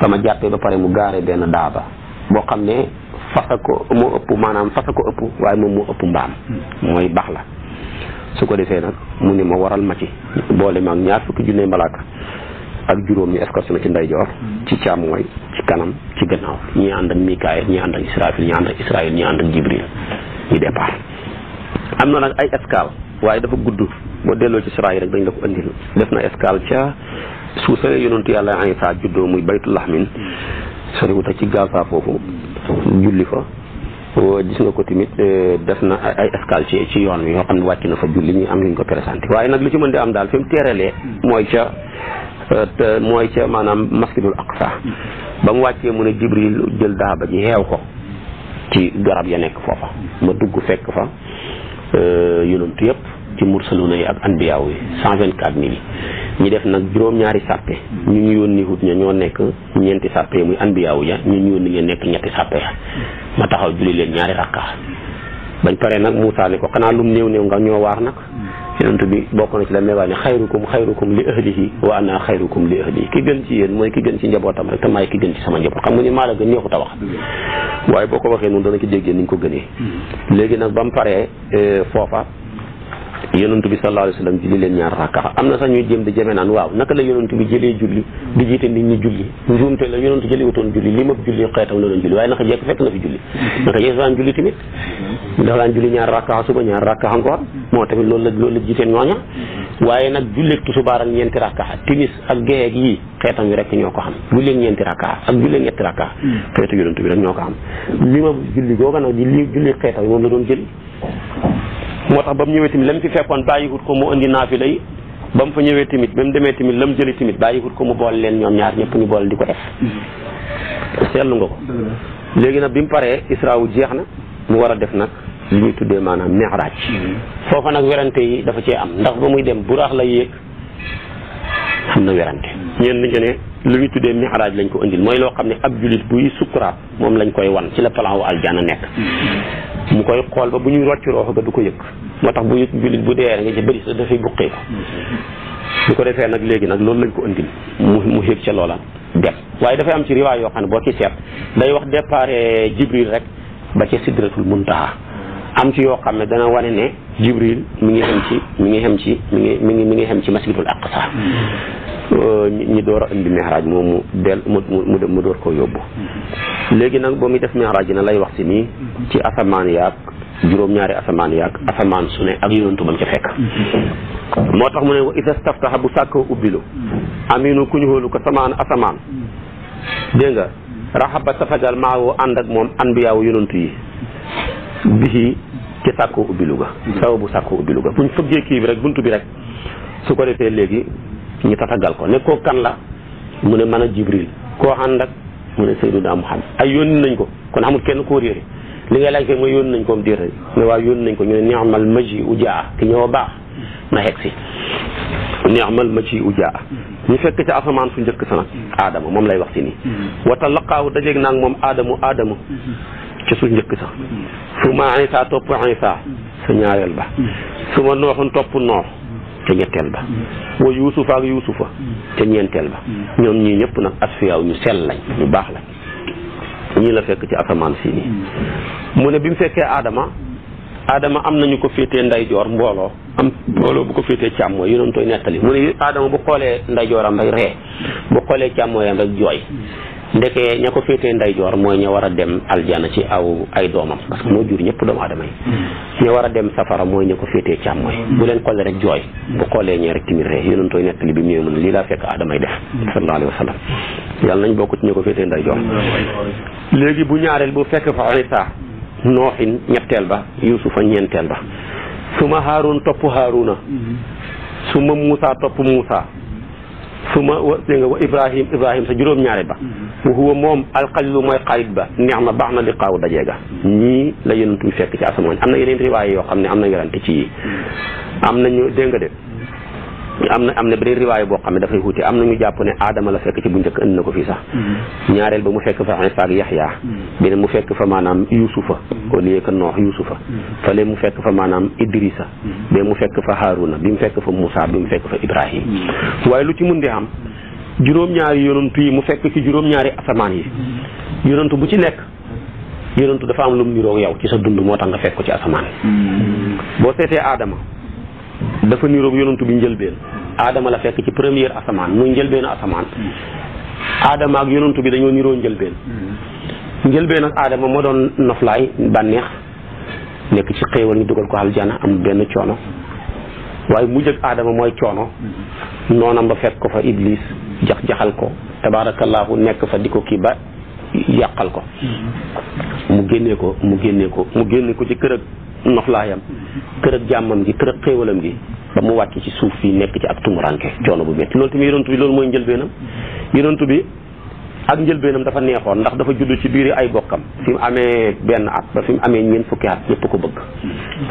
sama jàppee ba pare mu gaare benn daaba boo xam ne fasa ko moo ëpp maanaam fasa ko ëpp waaye moom moo ëpp mbaam hmm. mooy bax la su ko defee nag mu ni ma waral ma ci boole maag ñaar fukki junne malaaka ak juróom ñu escorté ma ci ndeyjoor hmm. ci càmmooy ci kanam ci gannaaw ñi ànd ak Mikaayil ñi ànd ak Israfil ñi ànd ak Jibril ñu départ am na nag ay escale waaye dafa gudd boo delloo ci saraay rek dañ la ko andil def na escale ca suusa yonentu yàlla Iisaa juddoo muy baytu laxmin soriwut a ci Gaza foofu julli fa gis nga ko tamit eh, def na ay escale ci yoon wi yoo xam ne wàcc na fa julli ñu am ñu ko présenté waaye nag lu ci mën di am daal fi mu teeralee mooy ca eh, mooy ca maanaam masjidul aqsa ba mu wàccee mu ne jibril jël daaba ji xeew ko ci garab ya nekk foofa ma dugg fekk fa eh, yonentu yëpp ci mursaluna yi ak aw yi cent vingt quatre mille ñi def nag juróom-ñaari sàppe ñu ñu yónni hut ña ñoo nekk ñeenti sàppe muy anbiyaaw ya ñu ñu yónni ña nekk ñetti sàppe ya ma taxaw julli leen ñaari rakka bañ paree nag Moussa ne ko xanaa lum néew néew nga ñoo waar nag yonent bi bokk na ci la meewaa ne xayrukum xayrukum li waa wa ana xayrukum li ahlihi ki gën ci yéen mooy ki gën ci njabootam rek te maay ki gën ci sama njaboot xam nga ni maa la gën neexut a wax waaye boo ko waxee noonu dana ci déggee niñ ko gënee mm. léegi nag ba mu paree euh, foofa yonent bi sallallahu alayhi wa sallam julli leen ñaar rakka am na sax ñuy jéem di jëmee naan waaw naka la yonent bi jëlee julli di jiite nit ñi julli njuumte la yonent jëlee wutoon julli li ma julli xeetam la doon julli waaye na fi julli naka jekk daan julli tamit dafa ak ñeenti rakka timis ak geeeg xeetam yi rek ñoo ko xam julleeg ñeenti rakka ak julleeg ñetti rakka xeetu yonent bi rek ñoo ko xam li ma julli googa nag li julli moom la doon jëli moo tax ba mu ñëwee tamit lañ fi fekkoon bàyyi bàyyiwut ko mu indi naafila yi ba mu fa ñëwee tamit ba mu demee tamit la mu jëli tamit bàyyiwut ko mu boole leen ñoom ñaar ñëpp ñu bool di ko def. seetlu nga ko. léegi nag bi mu paree isra wu jeex na mu war a def nag li ñuy tuddee maanaam mi'raaj. foofa nag werante yi dafa cee am ndax ba muy dem buraax la yéeg am na werante. ñeen dañu ne lu ñu tuddee mi'raaj lañ ko indil mooy loo xam ne ab julit buy sukkuraat moom lañ koy wan ci la plan wu aljana nekk. mu koy xool ba bu ñuy rocc roox ga du ko yëg moo tax bu jullit bu dee nga ci bëri sa dafay buqee bu ko defee nag léegi nag loolu lañ ko andil mu mu yëg ca loola dem waaye dafay am ci riwaay yoo xam ne boo ci seet day wax départ eh, jibril rek ba ca sidratul muntaha am ci yoo xam ne dana wane ne jibril mi ngi xem ci mi ngi xem ci mi ngi mi ngi mi ngi xem ci masjidul aqsa euh, ñi door a indi mihraj moomu del mu mu mu door koo yóbbu léegi nag boo muy def mihraj yi na lay wax si nii ci asamaan yaag juróom-ñaari asamaan yaag asamaan su ne ak yonantu bam ca fekk moo tax mu ne wa isa staftaha bu sàkkoo ubbilu aminu ku ñu xóolu ko samaan asamaan dégg nga raxaba tafagal maawoo ànd ak moom anbiyaawu yonantu yi bi ci sàkku ubbi Louga sababu sàkku ubbi bu buñ fëggee kii bi rek buntu bi rek su ko defee léegi ñu tatagal ko nekkoo kan la mu ne man a Jibril koo ànd ak mu ne Seydina Muhammad ay yónni nañ ko kon amul kenn koo réere li ngay laaj kay mooy yónni nañ koom am déet ne waaw yónni nañ ko ñu ne neexmal maji u jaa ki ñëw baax na xeg si neexmal maji u jaa ñu fekk ci asamaan su njëkk sa nag aadama moom lay wax si nii mm-hmm. wa talaqaahu dajeeg naag moom aadamu aadama mm-hmm. ci su njëkk sax su ma Iisaa topp Iisaa sa ñaareel ba su ma nooxun topp noox ca ñetteel ba wa yuusufa ak yuusufa ca ñeenteel ba ñoom ñii ñëpp nag ak asfiyaaw ñu sell lañ ñu baax lañ ñii la fekk ci asamaan si nii mu ne bi mu fekkee aadama aadama am nañu ko féetee ndeyjoor mbooloo am mbooloo bu ko féetee càmmooy yi doon tooy nettali mu ne aadama bu xoolee ndeyjooram rek ree bu xoolee càmmooyam rek jooy ndekee ña ko féetee ndeyjoor mooy ña war a dem aljana ci aw ay doomam parce que moo jur ñëpp doom aadama yi hmm. ña war a dem safara mooy ña ko féetee mooy hmm. bu leen xoolee rek jooy bu xoolee ñee rek timit ree yonent tooy nettali bi mu ñëwee mu lii laa fekk aadama yi def hmm. sallallahu alayhi wa sallam nañ bokk ci ña ko féetee ndeyjoor léegi bu ñaareel bu fekk fa Isa nooxin ñetteel ba yusufa ñeenteel ba ma haarun topp haaruna suma muusa topp muusa suma wa nga wa ibrahim ibrahim sa juróom ñaare ba wa huwa moom alxalilu mooy xarit ba neex na baax na li xaaw dajeega ñii la yonent bi fekk ci asamaan am na yeneen riwaay yoo xam ne am na werante ci am nañu dégg nga de am na am na beneen riwaay boo xam ne dafay wuute am na ñu jàpp ne aadama la fekk ci bu njëkk indi na ko fii sax mm-hmm. ñaareel ba mu fekk fa Iisaa ak Yaxya mm-hmm. beneen mu fekk fa maanaam Yuusufa mm-hmm. au lieu que Noox Yuusufa fale mu fekk fa maanaam Idrisa be mu fekk fa Haaruna bi mu fekk fa Muusaa bi mu fekk fa Ibrahim waaye lu ci mun di am juróom-ñaari yonantu yi mu fekk ci juróom-ñaari asamaan yi yonantu bu ci nekk yonantu dafa am lu mu niroog yow ci sa dund moo tax nga fekk ko ci asamaan boo seetee aadama dafa niroog yonantu bi njëlbeen aadama la fekk ci première asamaan muy njëlbeenu asamaan aadama ak yonantu bi dañoo niroo njëlbeen njëlbeen ak aadama moo doon noflaay bànneex nekk ci xéewal ñu dugal ko aljana am benn coono waaye mujj ak aadama mooy coono noonam ba fekk ko fa iblis jax-jaxal ko tabaarakallaahu nekk fa di ko kii ba yàqal ko mm-hmm. mu génnee ko mu génnee ko mu génne ko ci kër ak noflaayam mm-hmm. kër ak jàmmam gi kër ak xéewalam gi ba mu wàcc ci suuf fii nekk ci ak tumuranke coono bu métti loolu tamit yonentu bi loolu mooy njëlbeenam mm-hmm. yonentu bi ak njëlbeenam dafa neexoon ndax dafa judd ci biir ay bokkam fi mu amee benn at ba fi mu amee ñeent fukki at ñëpp ko bëgg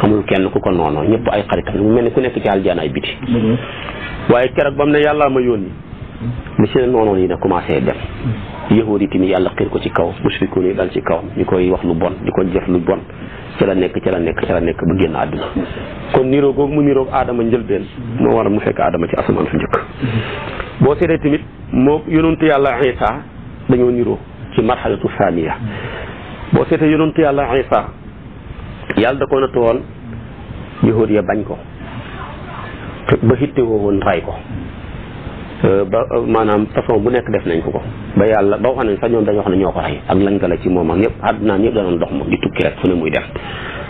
xamul kenn ku ko noonu ñëpp ay xaritam mu mel ni ku nekk ci aljana ay biti waaye keroog li seen noonu yi na commencé dem yahudi yi tamit yàlla xiir ko ci kaw mushrikuun yi dal ci kaw ñu koy wax lu bon di ko jeex lu bon ca la nekk ca la nekk ca la nekk ba génn àdduna kon niroo googu mu niroog aadama njëlbeen moo waral mu fekk aadama ci asamaan su njëkk boo seetee tamit moo yonentu yàlla Isa dañoo niroo ci marxalatu saaniya boo seetee yonentu yàlla Isa yàlla da ko nattu woon yahudi ya bañ ko ba xitte woo woon ray ko Euh, ba euh, maanaam façon bu nekk def nañ ko ko ba yàlla ba wax nañ sax ñoom dañu wax ne ñoo ko rey ak lañ ko la ci moom ak ñëpp àdduna ñëpp danoon dox moom di tukki rek fu ne muy def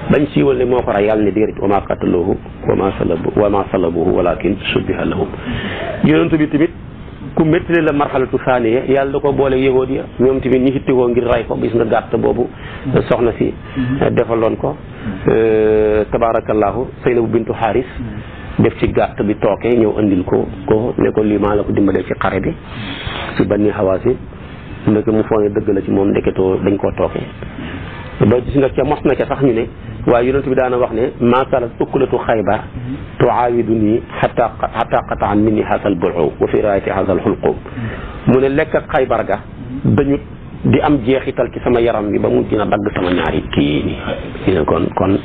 bañ siiwal ne moo ko rey yàlla ne déedéet wa ma qataluhu wa ma salabu wa ma salabuhu walakin subbiha lahum yonent bi tamit ku métti la marxalatu saaniya yàlla da ko boole yahood ya ñoom tamit ñi xitti ko ngir rey ko gis nga gàtt boobu mm-hmm. soxna si mm-hmm. defaloon ko mm-hmm. euh, tabarakallahu saynabu bintu xaaris def ci gàtt bi tooke ñëw andil ko ko ne ko lii maa la ko dimbalee ci xare bi ci banni xawaasi ndeke mu foog ne dëgg la ci moom ndeketoo dañ koo tooke ba gis nga ca mos na ca sax ñu ne waaye yonent bi daana wax ne maasalat ukkulatu xaybar tuaawidu nii xata xata qataan min ni hasal bulu wa fi raayati hasal xulqum mu ne lekk ak xaybar ga dañu di am jeexital ci sama yaram bi ba mu dina dagg sama ñaari kii nii kon kon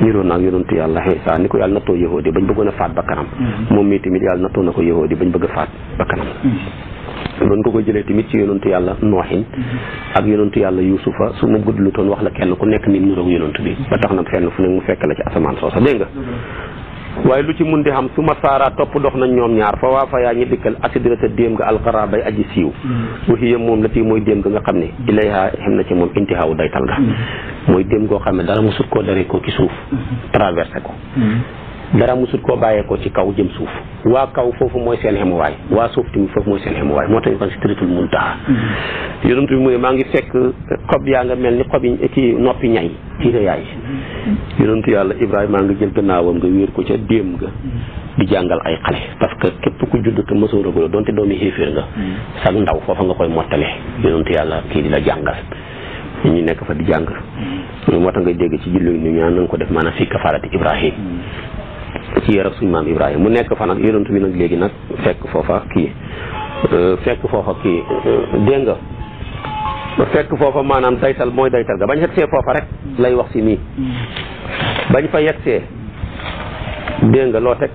niroo naag yonentu yàlla Iisaa ni ko yàlla nattoo yahoodi bañ bëggoon a faat ba kanam mm-hmm. moom mii tamit yàlla nattoo na ko yahoodi bañ bëgg a faat ba kanam mm-hmm. doon ko ko jëlee tamit ci yonentu yàlla nooxin mm-hmm. ak yonentu yàlla yuusufa su ma gudd lu toon wax la kenn ku nekk ni niroog yonent bi ba tax na fenn fu nekk mu fekk la ci asamaan soosa dégg nga waaye lu ci mun di xam su ma saara topp dox nañ ñoom ñaar fa waa fa yaa ñi dikkal asidrata déem nga alxara bay aji siiw mm. waxiyam moom la tii mooy déem nga nga xam ne ilayha xem na ci moom intihaawu daytal ga mm. mooy déem goo xam ne dara mosut koo daree ko ci suuf mm-hmm. traversé ko mm. dara musut koo bàyyeekoo ci kaw jëm suuf waa kaw foofu mooy seen xemuwaay waa suuf tamit foofu mooy seen xemuwaay moo tax ñu kon si tëritul mun taxa mm-hmm. yonent maa ngi fekk xob yaa nga mel ni xob yi ci noppi ñay ci rëyaay mm-hmm. yonentu yàlla Ibrahima nga jël gannaawam nga wéer ko ca déem mm-hmm. di jàngal ay xale parce que képp ku judd te mësoo rëguloo donte doomi xéeféer nga sag ndaw foofa nga koy mottale yonentu yàlla kii di la jàngal ñu nekk fa di jàng moo tax nga dégg ci julli ñu ñaan na nga ko def maanaam fii kafaarati Ibrahim ci yarab suñu maam Ibrahima mu nekk fa nag yonent bi nag léegi nag fekk foofa kii euh, fekk foofa kii euh, dégg nga fekk foofa maanaam daytal mooy daytal ga bañ yegsee foofa rek lay wax si nii bañ fa yegsee dégg nga loo teg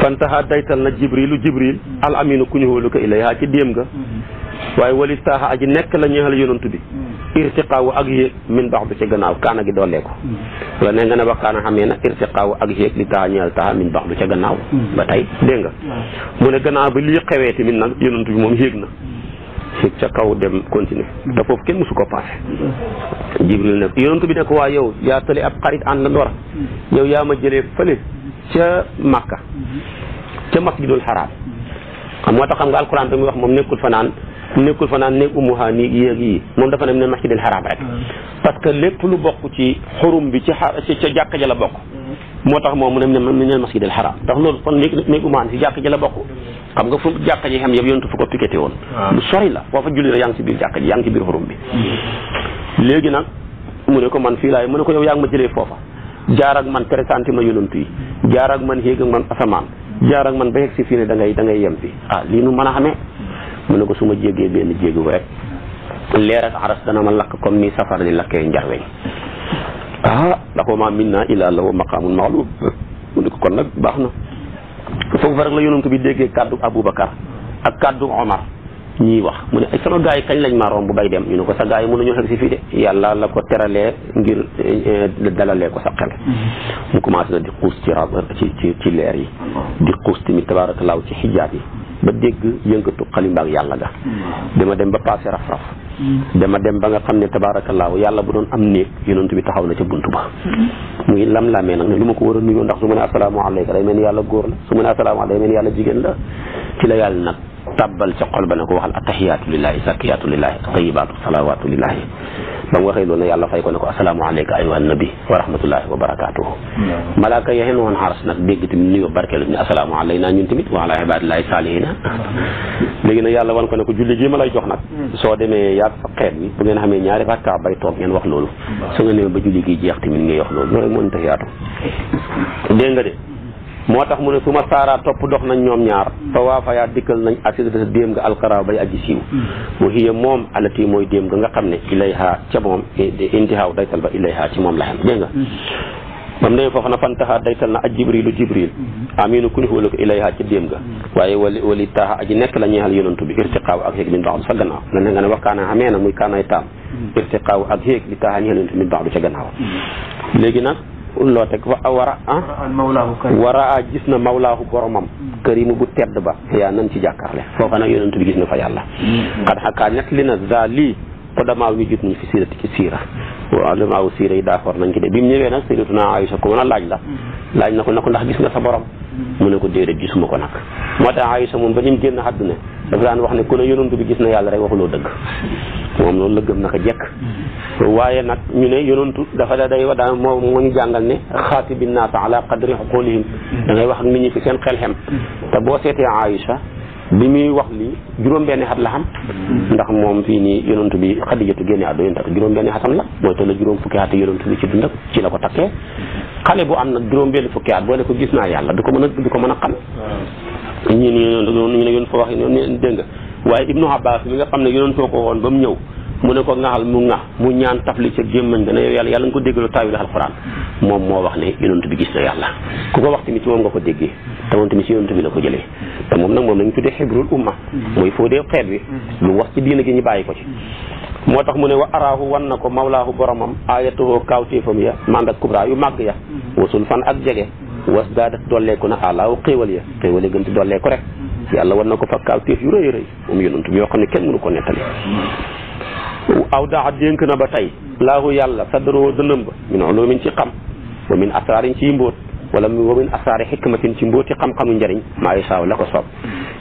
fantaha daytal na jibrilu jibril al aminu ku ñu wóolu ko ilayha ci déem ga mm-hmm. waaye wali taaxa aji nekk la ñeexal yonent bi mm-hmm. irtiqaawu ak yéeg min baax du ci gannaaw kaana gi doon ko mm. wala ne nga ne ba kaana nag na irtiqaawu ak yéeg li taxa ñeel taxa min baax du ca gannaaw mm. ba tey dégg nga mm. mu ne gannaaw bi lii xewee tamit nag yonent bi moom yéeg na yéeg ca kaw dem continuer te foofu kenn su ko passé jibril ne yonent bi ne ko waa yow yaa tële ab xarit ànd ndora yow yaa ma jëlee fële ca Makka ca masjidul xaraam xam moo tax xam nga alquran bi muy wax moom nekkul fa nekkul fa naan néeg ummu haa nii yéeg yi moom dafa ne min masjidil haram rek mm. parce que lépp lu bokk ci xurum bi ci ca jàkka ja la bokk mm. moo tax moom mu ne min masjidil haram ndax loolu kon néeg néeg ummu haa nii jàkka ja la bokk mm. xam nga fu jàkka ji xam yëpp yontu fu ko piqueté woon ah. lu sori la foofa julli rek yaa ngi si biir jàkka ji yaa xurum bi léegi nag mu ne ko man fii laay mu ne ko yow yaa ngi ma jëlee foofa jaar ak man présenté ma yonantu yi jaar ak man yéeg ak man asamaan jaar man ba yegg si ngay da ngay yem fi ah mën a xamee mu ne ko su ma jéggee benn jéggi ba rek leer aras dana ma lakk comme ni safar di lakkee njarweñ ah ndax wa maa minnaa illaa lahu maqaamun ma'luum mu ne ko kon nag baax na foofu rek la yonent bi déggee kàddu Aboubacar ak kàddu Omar ñiy wax mu ne sama gars yi kañ lañ maa romb bay dem ñu ne ko sa gars yi mënuñu xeg si fii de yàlla la ko teralee ngir eh, eh, dalalee ko sa xel mm-hmm. mu commence na di xuus ci rab ci ci ci leer yi mm-hmm. di xuus tamit tabaarakalaaw ci xijaab yi ba dégg yëngatu xalimbaag yàlla ga mm-hmm. dama dem ba passé raf-raf dama dem ba nga xam ne tabaarakallaahu yàlla bu doon am néeg yonent bi taxaw na ca bunt ba muy lam-lamee nag ne lu ma ko war a nuyoo ndax su ma ne asalaamaaleyka day mel ni yàlla góor la su ma ne asalaamaaleyka day mel ni yàlla jigéen la ci la yàlla nag tàbbal ca xol ba ne ko waxal attahiyaatu lillahi zakiyaatu lillahi tayibaatu salawaatu lillahi ba mu waxee loolu yàlla fay ko ne ko asalaamu aleyka ayuha nabi wa rahmatullahi wa barakaatuhu malaaka yexeen woon xaras nag dégg tamit nuyoo [LAUGHS] ak sa xeet wi bu ngeen xamee ñaari rakka bay toog ngeen wax loolu su nga nee ba julli gi jeex tamit ngay wax loolu loolu rek moo tax yaatu dégg nga de moo tax mu ne su ma saaraa topp dox nañ ñoom ñaar fa waa fa yaa dikkal nañ asida sa déem nga alkara bay aji siiw mu hiya moom alati mooy déem nga nga xam ne ilayha ca moom e- intihaaw daytal ba ilayha ci moom la xam dégg nga mam day foofu na fantaxaa daytal na ak jibrilu jibril mhm. aminu ku ni xuula ko ilayha ca déem ga mhm. waaye wali wali taaxa aji nekk la ñeexal yonantu bi irtiqaaw ak xéeg min baax du sa gannaaw na ne nga ne wax kaana xamee na muy taam mhm. irtiqaaw ak xéeg li taaxa ñeexal yonantu min ca gannaaw léegi nag loo teg wa wara ah wara a gis na mawlaahu boromam karimu bu tedd ba yaa nan ci jàkkaarle foofa na yonantu bi gis na fa yàlla xad xakaa ñett li na za lii damaaw ñu jut nañ fi siirati ci siira alam aw siira yi d'accord nañ ci de bi mu ñëwee nag sayyidatuna Aïcha ko mën a laaj la laaj na ko ndax gis nga sa borom mu ne ko déedéet gisuma ko nag moo tax Aïcha moom ba ni mu génn àdduna dafa daan wax ne ku ne yonantu bi gis na yàlla rek waxuloo dëgg moom loolu la gëm naka jekk waaye nag ñu ne yonantu dafa da day wax daan moo moo ñu jàngal ne xaatibin naasa ala qadri xuqulihim da ngay wax ak nit ñi fi seen xel xem te boo seetee Aïcha bi muy wax li juróom-benni xat la xam ndax moom fii nii yonantu bi xadijatu génne àdduna yonantu juróom-benni xatam la mooy toll juróom fukki at yonantu bi ci dund ak ci la ko takkee xale bu am nag juróom-benni fukki at boo ne ko gis naa yàlla du ko mën a du ko mën a xam ñu ne ñu ne yoon fa wax ne dégg nga waaye ibnu abbas mi nga xam ne yonantoo ko woon ba mu ñëw mu ne ko ŋaxal mu ŋax mu ñaan tafli ca gémmañ nga ne yow yàlla yàlla nga ko déggaloo taawi la alquran moom moo wax ne yonantu bi gis na yàlla ku ko wax tamit moom nga ko déggee te moom ci si yonent la ko jëlee te moom nag moom lañ tuddee xibrul umma mooy fóodee xeet wi lu wax ci diina gi ñu bàyyi ko ci moo tax mu ne wax araahu wan na ko mawlaahu boromam aayatuhu kawtéefam ya mandak kubra yu màgg ya wasul fan ak jege was daa def dolleeku na àlaaw xéewal ya xéewal ya gën di dolleeku rek yàlla wan na ko fa kawtéef yu rëy rëy moom yonent bi yoo xam ne kenn mënu ko nettali aw daa dénk na ba tey laahu yàlla sadroo dënëm ba min ulumin ci xam wa min asrarin ciy mbóot wala mu wamin asaari xikmatin ci mbooti xam-xamu njariñ maa ngi saaw la ko soob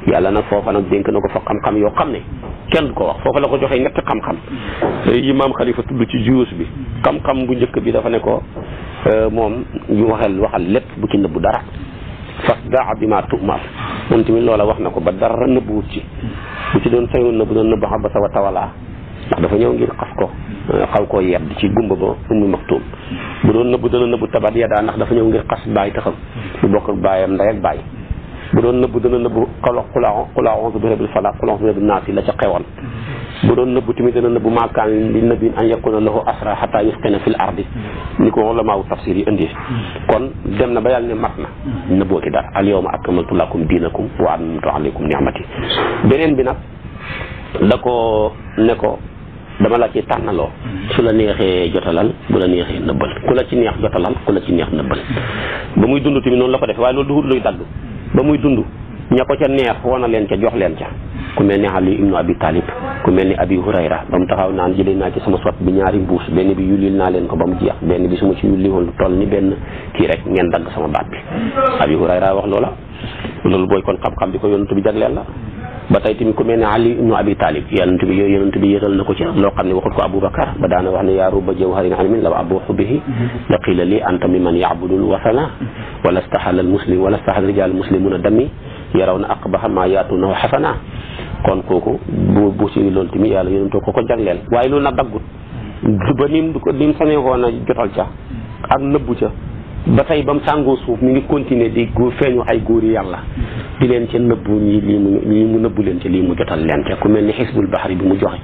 yàlla nag foofa nag dénk na ko fa xam-xam yoo xam ne kenn du ko wax foofa la ko joxee ñetti xam-xam maam xalifa tudd ci juus bi xam-xam bu njëkk bi dafa ne ko euh, moom ñu waxal waxal lépp bu ci nëbbu dara fasdaa bi ma tumal moom tamit loola wax na ko ba dara nëbbuwut ci bu ci doon sayoon nëbbu doon nëbbu xam ba sa wa tawalaa ndax dafa ñëw ngir xas ko xaw koo yedd ci gumba ba ummi maktuum bu doon nëbbu dana nëbbu tabat yadaa ndax dafa ñëw ngir xas bàyyi taxam bu bokk ak bàyyam ndey ak bàyyi bu doon nëbbu dana nëbbu xala xulaa xulaa onze bi rabil falaq xulaa onze bi rabil naas yi la ca xewoon bu doon nëbbu tamit dana nëbbu maakaan li nabiin an yakuna lahu asra xataa yusqina fil ardi ni ko la maawu tafsir yi indi kon dem na ba yàlla ne mat na nëbbooti dara al yawma akmaltu lakum diinakum wa atmamtu alaykum ni'mati beneen bi nag da ko ne ko dama la ci tànnaloo mm-hmm. su la neexee jotalal bu la neexee nëbbal ku la ci neex jotalal ku la ci neex nëbbal ba muy dund tamit noonu la ko defee waaye loolu du wut luy dagg ba muy dund ña ko ca neex wana leen ca jox leen ca ku mel ni Ali ibnu Abi Talib ku mel ni Abi Hurayra ba mu taxaw naan jëlee naa ci sama sot bi ñaari mbuus benn bi yullil naa leen ko ba mu jeex benn bi su ma ci yulli woon lu toll ni benn kii rek ngeen dagg sama baat bi Abi Hurayra wax loola loolu booy kon xam bi ko yonent bi jagleel la ba tey tamit ku mel ne ali ibnu abi talib yonent bi yonent bi yëral na ko ci loo xam ne waxut ko aboubacar ba daana wax ne yaa ruba jawharin almin law abu xubbihi la qiila li anta mi man yaabudul wasana wala stahala almuslim wala stahala rijal muslimuna dami yaraw na aqbaha maa yaatunahu xasana kon kooku bu bu si loolu tamit yàlla yonentoo ko ko jagleel waaye loolu na daggut ba nim ko nim sañee woon a jotal ca ak nëbbu ca ba tey ba mu sàngoo suuf mu ngi continuer di góor feeñu ay góor yi yàlla di leen ca nëbbu ñi lii mu lii mu nëbbu leen ca lii mu jotal leen ca ku mel ni xisbul baxari bi mu joxe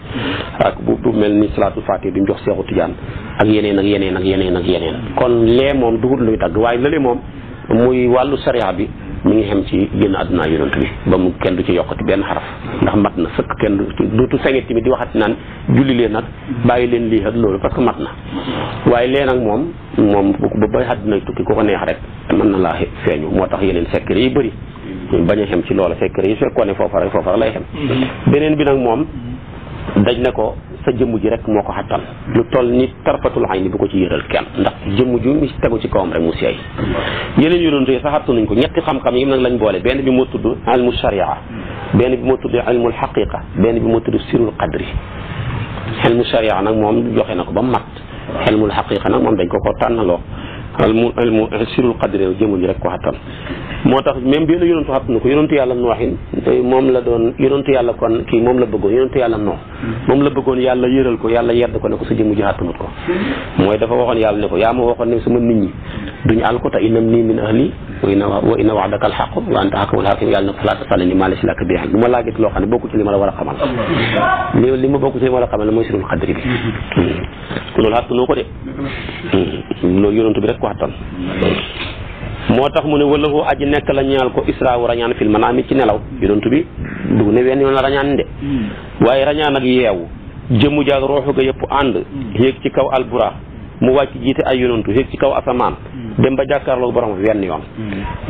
ak bu bu mel ni salaatul faatih bi mu jox seexu tijaan ak yeneen ak yeneen ak yeneen ak yeneen kon lee moom duhut luy tagg waaye lële moom muy wàllu sariya bi mi ngi xem ci génn àdduna yonent bi ba mu kenn du ci yokkati benn xaraf ndax mat na sëkk kenn du dootu sañe tamit di waxati naan julli leen nag bàyyi leen lii ak loolu parce que mat na waaye leen ak moom moom ba ba àdduna tukki ku ko neex rek mën na laa feeñu moo tax yeneen secret yi bëri bañ a xem ci loola secret yi fekkoon ne foofa rek foofa rek lay xem mm-hmm. beneen bi nag moom dañ ne ko sa jëmm ji rek moo ko xattan lu toll ni tarfatul ayni bu ko ci yëral kenn ndax jëmm ju mi tegu ci kawam rek mu seey yeneen yonent yi sax nañ ko ñetti xam-xam yi nag lañ boole benn bi moo tudd ilmu sharia benn bi moo tudd ilmul xaqiqa benn bi moo tudd sirul qadri ilmu nag moom joxe na ko ba mat ilmul xaqiqa nag moom dañ ko ko tànnaloo al mu al mu sirul qadri yow jëmuñu rek ko xattan moo tax même benn yonantu xattanu ko yonantu yàlla nooxin moom la kon kii moom la bëggoon yonantu yàlla noox moom la bëggoon yàlla yëral ko yàlla yedd ko ne ko sa jëmu ji xattanut ko mooy dafa waxoon yàlla ne ko yaa ma waxoon ne sama nit ñi duñu àl ko te inam nii min ahli wa inna wa inna waxdaka alxaq wa anta xakamul xakim yàlla ne xam ne bokku ci li ma la a xamal li li ma la xamal mooy sirul qadri bi [LAUGHS] hmm. de hmm. loolu yonantu bi rek ko attan moo tax mu ne walahu aji nekk la ñaal ko isra wu rañaan fil manaami ci nelaw yonent bi dugg ne wenn yoon la rañaan de waaye rañaan ak yeew jëmmu jaag rooxu ga yëpp ànd yéeg ci kaw albura mu wàcc jiite ay yonantu yéeg ci kaw asamaan dem ba jàkkaarloo borom wenn yoon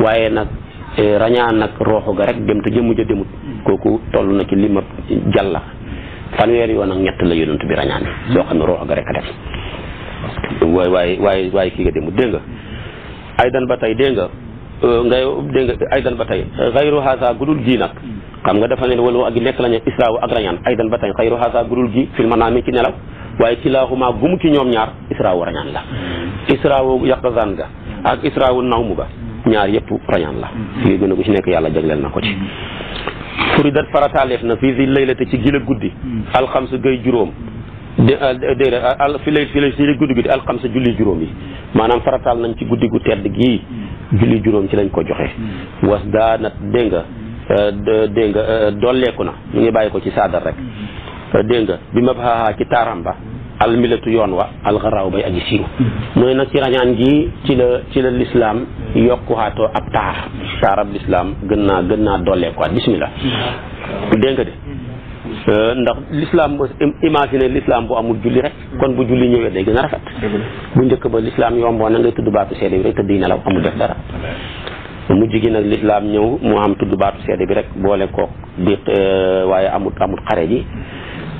waaye nag e, rañaan nag rooxu ga rek dem te jëmmu ja demut kooku toll na ci limab jàlla fanweeri yoon ak ñett la yonantu bi rañaan soo xam ne rooxu ga rek a def waay waaye waaye waaye kii nga dem dégg nga aydan ba tey dégg nga euh, ngay dégg nga aydan ba tey xayru haasa gudul gi nag xam nga dafa ne walu ak nekk lañu israawu ak rañaan aydan ba tey xayru haasa gudul gi fil manaami ci nelaw waaye kilaaxuma mu ci ñoom ñaar israawu rañaan la israawu yaqazaan ga ak israawu nawmu ga ñaar yëpp rañaan la fii gën a gu ci nekk yàlla jagleel na ko ci furidat farataaleef na fii si laylate ci gila guddi alxam alxamsu gay juróom Euh, déedéet euh, al fi lay fi lay si guddi gi di alxamsa julli juróom yi maanaam farataal nañ ci guddi gu tedd gii julli juróom ci lañ ko joxe was daanat dégg nga euh, dégg dolleeku na mu ngi bàyyi ko ci saadar rek dégg nga bi ma baaxaa ci taaram ba almilatu yoon wa alxaraaw bay aji siiw mooy nag ci rañaan gi ci la ci la lislaam yokkuwaatoo ab taar taar lislaam gën naa gën naa dolleekuwaat bismillah dégg de Euh, ndax lislaam l'islam imaginer lislaam bu amul julli rek mm. kon bu julli ñëwee day gën a rafet bu njëkk ba l'islam yomboon na ngay tudd baatu seede bi rek tëdd nelaw amul def dara mujj gi nag l'islam ñëw mu am tudd baatu seede bi rek boole kook di euh, waaye amut amut xare ji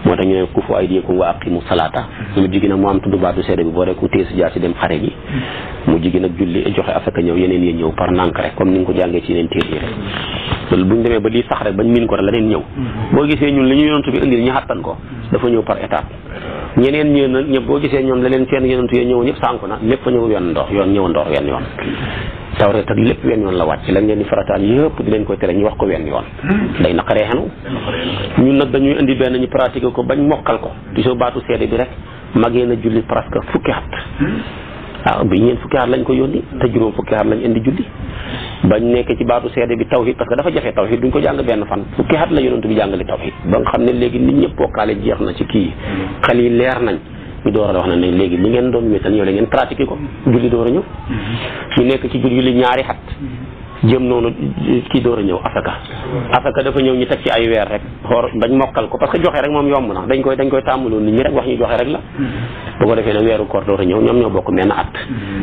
moo tax ñu ne kufu aydiyakum wa aqimu salaata mm-hmm. mu jigi nag mu am tudd baatu seede bi boo rek ku téye jaar si dem xare ji mm-hmm. mu jigi nag julli joxe afaka ñëw yeneen yi ñëw par nànk rek comme ni nga ko jàngee ci yeneen téere yi rek mm-hmm. loolu bu ñu demee ba lii sax rek bañ miin ko rek la neen ñëw boo gisee ñun li ñu yonantu bi indi ñu xattan ko dafa ñëw par étape ñeneen ñëw na ñëpp boo gisee ñoom la leen seen yonantu yi ñëw ñëpp sànku na lépp fa ñëw yoon ndox yoon ñëw ndox yoon yoon tawreet ak lépp wenn yoon la wàcc lañ leen di farataal yëpp di leen koy tere ñu wax ko wenn yoon day naqaree xanu ñun nag dañuy indi benn ñu pratiqué ko bañ mokkal ko gisoo baatu seede bi rek magee na julli presque fukki at waaw bi ñeen fukki at lañ ko yónni te juróom fukki at lañ indi julli bañ nekkee ci baatu seede bi tawhid parce que dafa jafe tawhid duñ ko jàng benn fan fukki at la yonent bi jàngale tawhid ba nga xam ne léegi nit ñëpp bokkaale jeex na ci kii xel yi leer ñu door a wax na ne léegi li ngeen doon wéetal yow la ngeen pratiqué ko julli door a ñëw ñu nekk ci julli ñaari xat jëm noonu kii door a ñëw asaka asaka dafa ñëw ñu teg ci ay weer rek xoor dañ mokkal ko parce que joxe rek moom yomb na dañ koy dañ koy tàmmaloon nit ñi rek wax ñu joxe rek la bu ko defee nag weeru koor door a ñëw ñoom ñoo bokk menn at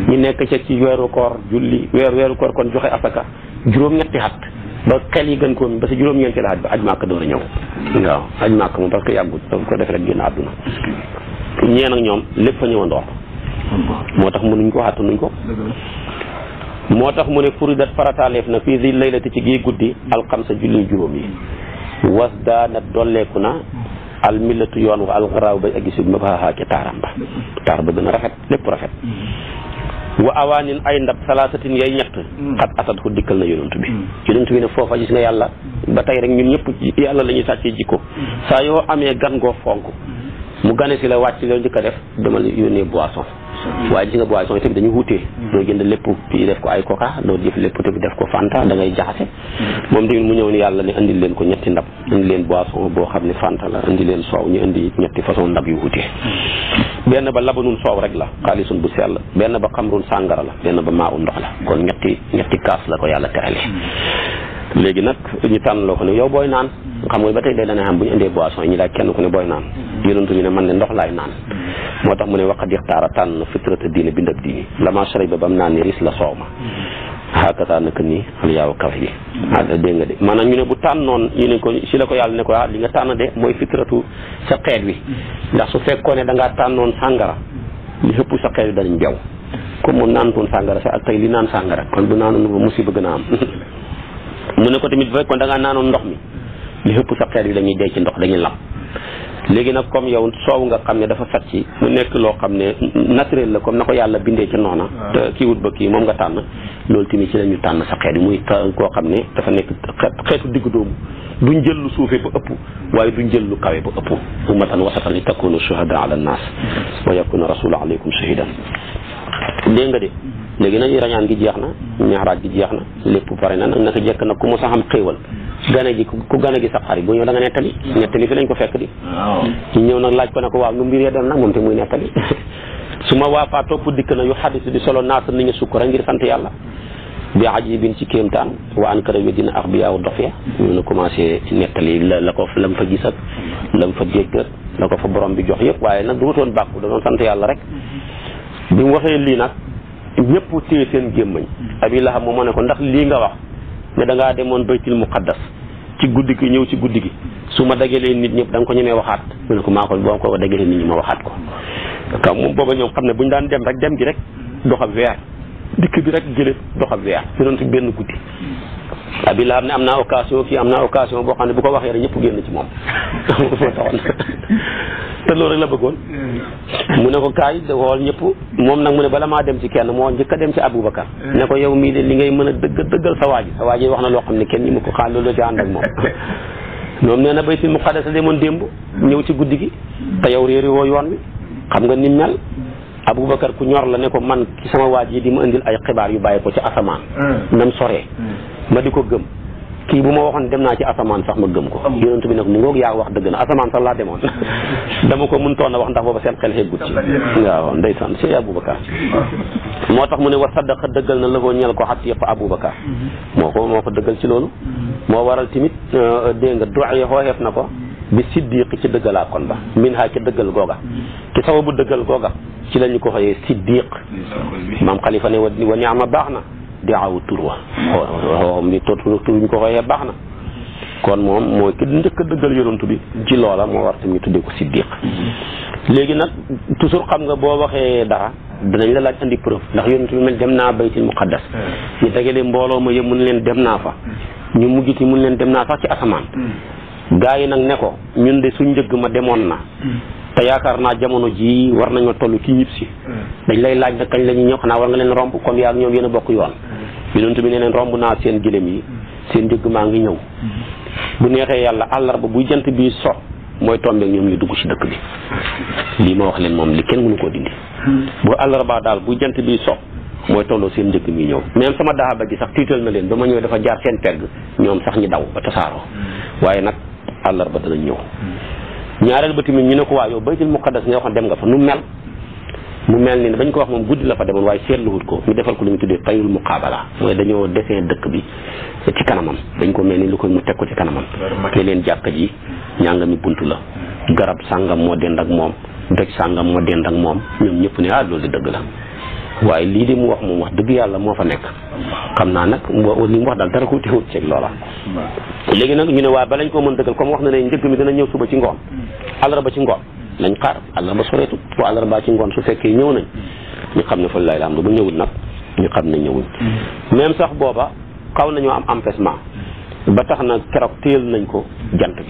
ñu nekk ca ci weeru koor julli weer weeru koor kon joxe asaka juróom-ñetti at ba xel yi gën koo mi parce que juróom-ñeenti la at ba aj màkk a ñëw waaw aj màkk moom parce que yàggut ko def rek génn àdduna ñeen ak ñoom lépp a ñëwandoor moo tax mënuñ ko xàttanuñ ko moo tax mu ne furidat farataaleef na fii di laylati ci gii guddi alxamsa julli juróom yi was daana dolleeku na almillatu yoon wa alxaraaw bay ak gisub ma baaxaa ca taaram ba taar ba gën a rafet lépp rafet wa awaanin ay ndab salaasatin yay ñett xat asat ko dikkal na yonent bi yonent bi ne foofa gis nga yàlla ba tey rek ñun ñëpp yàlla la ñuy sàccee jikko saa yoo amee gan goo fonk mu gane si la wàcc loolu njëkk a def demal yónnee boisson waaye gis nga boisson yi tamit dañu wutee loo jënd lépp fii def ko ay coca doo jëf lépp tamit def ko fanta da ngay jaxase moom tamit mu ñëw ni yàlla ne andi leen ko ñetti ndab andi leen boisson boo xam ne fanta la andi leen soow ñu indi ñetti façon ndab yu wutee benn ba labanun soow rek la xaalisun bu sell benn ba xamrun sàngara la benn ba maa u ndox la kon ñetti ñetti kaas la ko yàlla terale léegi nag ñu tànn loo ko ne yow booy naan mm. xam nga ba tey day dana bu indee boisson ñi kenn ku ne booy naan mm. yonentu bi ne man ne ndox laay naan mm. moo tax mu ne waqat ixtaara tànn na fitrata diine bindab diini lama shariba ba mu naan ne ris la soow ma xaakata nak nii al yaaw kaw yi a dégg nga de maanaam ñu ne bu tànnoon ñu ne ko si la ko yàlla ne ko ah, li nga tànn de mooy fitratu sa xeet wi ndax su fekkoon ne da ngaa tànnoon sàngara li xëpp sa xeet wi danañ jaw comme moom naan toon sàngara ak tey li naan sàngara kon bu naanoon ba musiba bëgg naa am [LAUGHS] mu ne ko tamit bu fekkoon da ngaa naanoon ndox mi li ëpp sa xeet yi dañuy dee ci ndox dañuy lam léegi nag comme yow soow nga xam ne dafa sat ci mu nekk loo xam ne naturel la comme na ko yàlla bindee ci noona ah. te kii wut ba kii moom nga tànn loolu tamit ci la ñu tànn sa xeet yi muy koo xam ne dafa nekk xeetu diggu doomu duñ jël lu suufee ba ëpp waaye duñ jël lu kawe ba ëpp ummatan wasatan li takunu shuhada ala nnaas wa yakuna rasulu aleykum shahidan dégg nga de léegi nag rañaan gi jeex na miiraaj gi jeex na lépp pare na nag naka jekk nag ku mos a xam xéewal gane gi ku gane gi sa xarit bu ñëw da nga nettali nettali fi lañ fekk di ñu ñëw nag laaj ko ne ko waaw nu mbir yee dem nag moom te muy nettali [LAUGHS] su ma waafaa topp dikk na yu xadis bi solo naasa ni ñu sukkura ngir sant yàlla bi ajibin ci kéemtaan wa ankara wi dina ax bi yaaw dof ya ñu nu commencé nettali la la ko lam fa gis ak lam fa dégg ak la ko fa borom bi jox yëpp waaye nag du wutoon bàkku da doon sant yàlla rek mm-hmm. ñëpp téye seen gémmañ abi lahab moom moo ne ko ndax lii nga wax ne da ngaa demoon baytil muqaddas ci guddi gi ñëw ci guddi gi su ma dajalee nit ñëpp da nga ko ñemee waxaat mu ne ko maa ko boo ko dajalee nit ñi ma waxaat ko kaw moom booba ñoom xam ne bu ñu daan dem rek dem gi rek dox ab weer dikk bi rek jële dox ab weer yonent benn guddi abi lahab ne am naa occasion kii am naa occasion boo xam ne bu ko waxee rek ñëpp génn ci moom [LAUGHS] moo taxoon [LAUGHS] te loolu rek la bëggoon mu ne ko kaay da xool ñëpp moom nag mu ne bala maa dem ci kenn moo njëkk a dem ci Aboubacar ne ko yow mii de li ngay mën a dëgg dëggal sa waa ji sa waa ji wax na loo xam ne kenn ñi mu ko xaal loolu la ci ànd ak moom ñoom [LAUGHS] nee na baytul muqaddas demoon démb ñëw ci guddi gi te yow réeri woo yoon wi xam nga nim mel Aboubacar ku ñor la ne ko man ci sama di ma indil ay xibaar yu bàyyi ko ci asamaan mm. nam soree mm. ma di ko gëm kii bu ma waxoon dem naa ci asamaan sax ma gëm ko yonent bi nag mu ngoog yaa wax dëgg na asamaan sax laa demoon [LAUGHS] dama ko mën toon a wax ndax booba seen xel xeggut ci waaw ndeysaan si aboubacar moo tax mu ne wa saddaqa dëggal na lëkoo ñel ko xat yëpp aboubacar moo ko moo ko dëggal ci loolu moo waral tamit euh, dégg nga dox yi na ko bi siddiq ci dëggalaa kon ba min ha ci dëggal googa ci sababu dëggal googa ci la ñu ko xëyee siddiq maam xalifa na di aw tur wa xoom bi tur tur ñu ko xooxee baax na kon moom mooy ki njëkk dëggal yonantu bi ci loola moo war tam ñu tuddee ko siddiq léegi nag toujours xam nga boo waxee dara dinañ la laaj andi preuve ndax yonantu bi mel dem naa baytil muqaddas ñu dagale mbooloo ma yëpp mun leen dem naa fa ñu mujjiti mun leen dem naa sax ci asamaan gaa yi nag ne ko ñun de suñ njëgg ma demoon na te yaakaar naa jamono ji war nañoo toll ci ñib si dañ lay laaj nag kañ la ñu ñëw xanaa war nga leen romb comme yaa ñoom yéen a bokk yoon yonent bi ne leen romb naa seen gëlëm yi seen njëgg maa ngi ñëw bu neexee yàlla àllarba buy jant bii so mooy tombeek ñoom ñu dugg ci dëkk bi lii ma wax leen moom li kenn mënu koo dindi bu àllarbaa daal bu jant bi so mooy tolloo seen njëgg mi ñëw même sama daaba gi sax tiital na leen ba ma ñëw dafa jaar seen pegg ñoom sax ñi daw ba tasaaroo waaye nag àllarba danañ ñëw hmm. ñaareel ba tamit ñu ne ko waa yow baytul muqaddas nga waxoon dem nga fa nu mel mu mel ni bañ ko wax moom guddi la fa demoon waaye seetluwut ko ñu defal ko lu ñu tuddee payul muqaabala mooy dañoo dessin dëkk bi ci kanamam dañ ko mel ni lu ko mu teg ko ci kanamam ne leen jàkka ji ñànga mi bunt la garab sàngam moo dend ak moom doj sàngam moo dend ak moom ñoom ñëpp ne ah loolu dëgg la waaye lii de mu wax moom wax dëgg yàlla moo fa nekk xam naa nag li mu wax daal dara ko teewut ceeg loola léegi nag ñu ne waaye ba lañ ko mën dëggal comme wax na ne njëkk mi dana ñëw suba ci ngoon alarba ci ngoon nañ xaar àllarba soreetu bu àllarbaa ci ngoon su fekkee ñëw nañ ñu xam ne fa lay la am bu ñëwul nag ñu xam ne ñëwul mm-hmm. même sax booba xaw nañoo am empêchement ba tax na keroog téyel nañ ko jant bi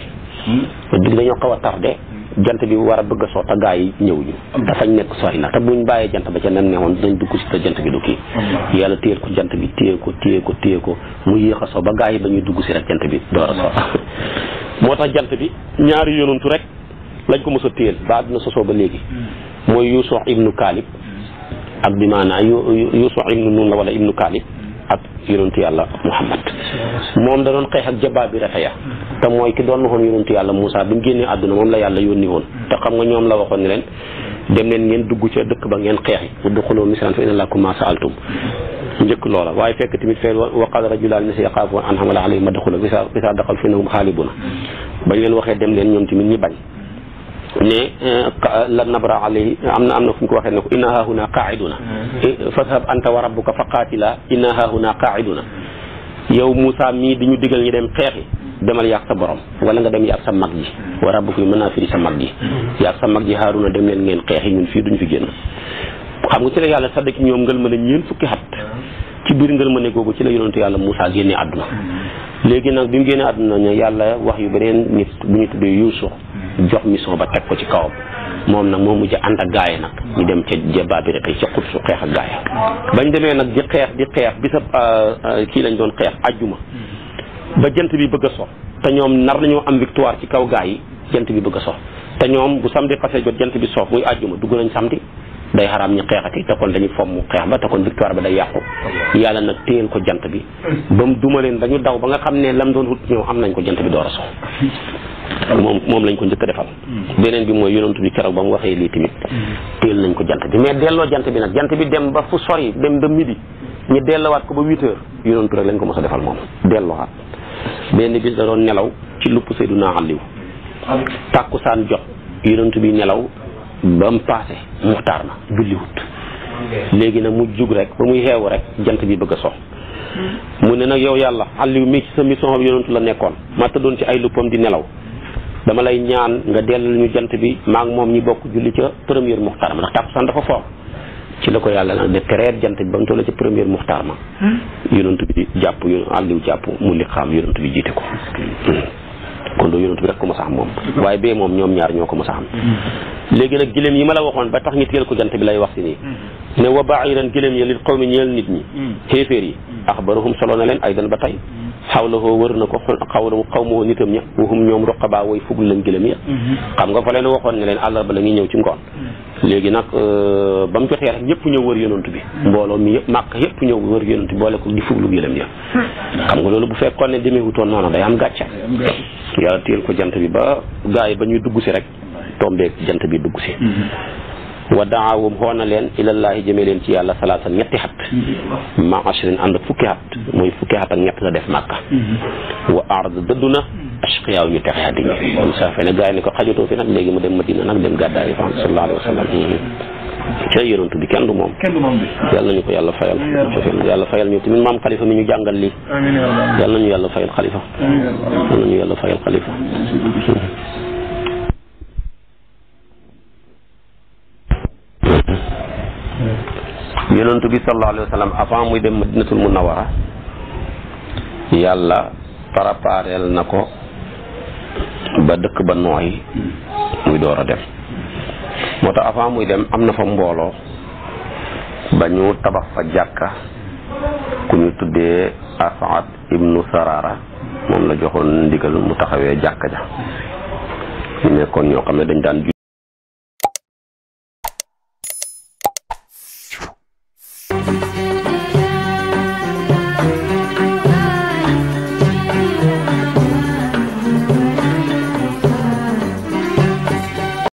mm-hmm. dig dañoo xaw a tardé jant bi war a bëgg soo te gaa yi ñëw ñu mm-hmm. dafañ nekk sori na te bàyyee jant ba ca nem dinañ dugg si jant bi du kii yàlla téyel ko jant bi téye ko téye ko téye ko mu yéex a soo ba gaa yi ba ñuy dugg si rek jant bi door a soo moo tax jant bi ñaari yonantu rek lañ ko mos a téyel ba àdduna sosoo ba léegi mooy Yuusuf ibnu Kaalib ak bi maanaam Yuusuf ibnu Nun la wala ibnu Kaalib ak yonentu yàlla Muhammad moom da doon xeex ak jabaa bi rata ya te mooy ki doon waxoon yonentu yàlla Moussa bi mu génnee àdduna moom la yàlla yónni woon te xam nga ñoom la waxoon ne leen dem leen ngeen dugg ca dëkk ba ngeen xeexi udxuluu misran fa inna lakum maa sa'altum njëkk loola waaye fekk tamit fee wa qaala rajulaani mina yaqaafu an xamala alayhim madxula leen waxee dem leen ñoom tamit ñi bañ ne eh, la nabra alayhi am na am na fu ñu ko waxee ne ko inna hahuna qaiduna mm-hmm. eh, fadhab anta wa rabbuka fa qaatila inna hahuna qaiduna yow Moussa mii di ñu digal ñu dem xeexi demal yàq sa borom wala nga dem yàq sa mag ji wa rabbuka mën naa firi sa mag ji mm-hmm. yàq sa mag ji Haaruna dem leen ngeen xeexi ñun fii duñ fi génn xam nga ci la yàlla saddaki ñoom ngël mën a ñeen fukki xat mm-hmm. ci biir ngël mën a googu ci la yonentu yàlla Moussa génnee àdduna léegi nag bi mu génnee àdduna ñu yàlla wax yu beneen nit bu ñu tuddee Yuusuf jox mission ba teg ko ci kawam moom nag moo mujj ànd ak gaay nag ñu dem ca jabaa bi rek ca xut su xeex ak gaay bañ demee nag di xeex di xeex bisab ah, ah, kii lañ doon xeex ajjuma ba jant bi bëgg a so te ñoom nar nañoo am victoire ci kaw gaay yi jant bi bëgg a so te ñoom bu samedi passé jot jant bi soof muy ajjuma dugg nañ samedi day xaraam ñu xeexati te kon dañuy fomm xeex ba te kon victoire ba day yàqu yàlla nag téyel ko jant bi ba mu duma leen ba daw ba nga xam ne lam doon wut ñoom am nañ ko jant bi doo a moom moom lañ ko njëkk a defal beneen bi mooy yonantu bi keroog ba mu waxee lii tamit téel nañ ko jant bi mais delloo jant bi nag jant bi dem ba fu sori dem ba midi ñu delloowaat ko ba huit heures yonantu rek lañ ko mos a defal moom delloowaat benn bis da doon nelaw ci lupp Seydunaa Aliw tàkkusaan jot yonantu bi nelaw ba mu paase muxtaar na julliwut léegi nag mu jug rek ba muy xeewu rek jant bi bëgg a sox hmm. mu ne nag yow yàlla àlliw mi ci sa mission bi yonentu la nekkoon ma tëddoon ci ay luppam di nelaw dama lay ñaan nga dellal ñu jant bi maa moom ñi bokk julli ca première muxtaar ma ndax tàkkusaan dafa foor ci la ko yàlla nag de tereet jant bi ba mu toll ci première muxtaar ma hmm. yonentu bi jàpp àlliw jàpp mu bi jiite ko hmm. kon doo yonent bi rek ko mos a moom waaye bee moom ñoom ñaar ñoo ko mos a xam léegi nag giléem yi ma la waxoon ba tax ñu teel ko jant bi lay wax ne wa bairan giléem yi lil qawmi ñeel nit ñi mm. xéeféer yi mm. axbaruhum solo na leen aydan ba tey xaw xawlahoo wër na ko xaw xawla xawmahoo nitam ña wahum ñoom roqaba way fugul lañ gëlëm ya mhm. xam nga fa leen waxoon ne leen àllarba la ñuy ñëw ci ngoon mhm. léegi nag euh, ba mu jotee rek ñëpp ñëw wër yonantu bi mhm. mbooloo mi yëpp màkk yëpp ñëw wër yonantu bi boole ko di fuglu gëlëm ya xam nga loolu bu fekkoon ne demeewutoon noonu day am gàcca yàlla téel ko jant bi ba gars yi ba ñuy dugg si rek tombeek jant bi dugg si wa daawum xool na leen ilallaahi jëmee leen ci yàlla salaasa ñetti xat ma ashrin ànd ak fukki xat mooy fukki xat def màkka wa arda dëddu na ashqiyaaw ñu texe àddi ñi kon saa ne gars yi ko xajatoo fi nag léegi mu dem madina nag dem gàddaay yi fa sallallahu alayhi wa sallam ca yonent bi kenn moom kenn du moom bi yàlla ko yàlla fayal yàlla ñu tamit maam xalifa mi ñu jàngal lii yàlla nañu yàlla fayal xalifa yàlla nañu yonentu bi sallallahu alayhi wa sallam avant muy dem na munawara yàlla parapareel na ko ba dëkk ba nooy muy door a dem moo tax avant muy dem am na fa mbooloo ba ñu tabax fa jàkka ku ñu tuddee asaad ibnu sarara moom la joxoon ndigal mu taxawee jàkka ja ñu nekkoon ñoo xam ne dañ daan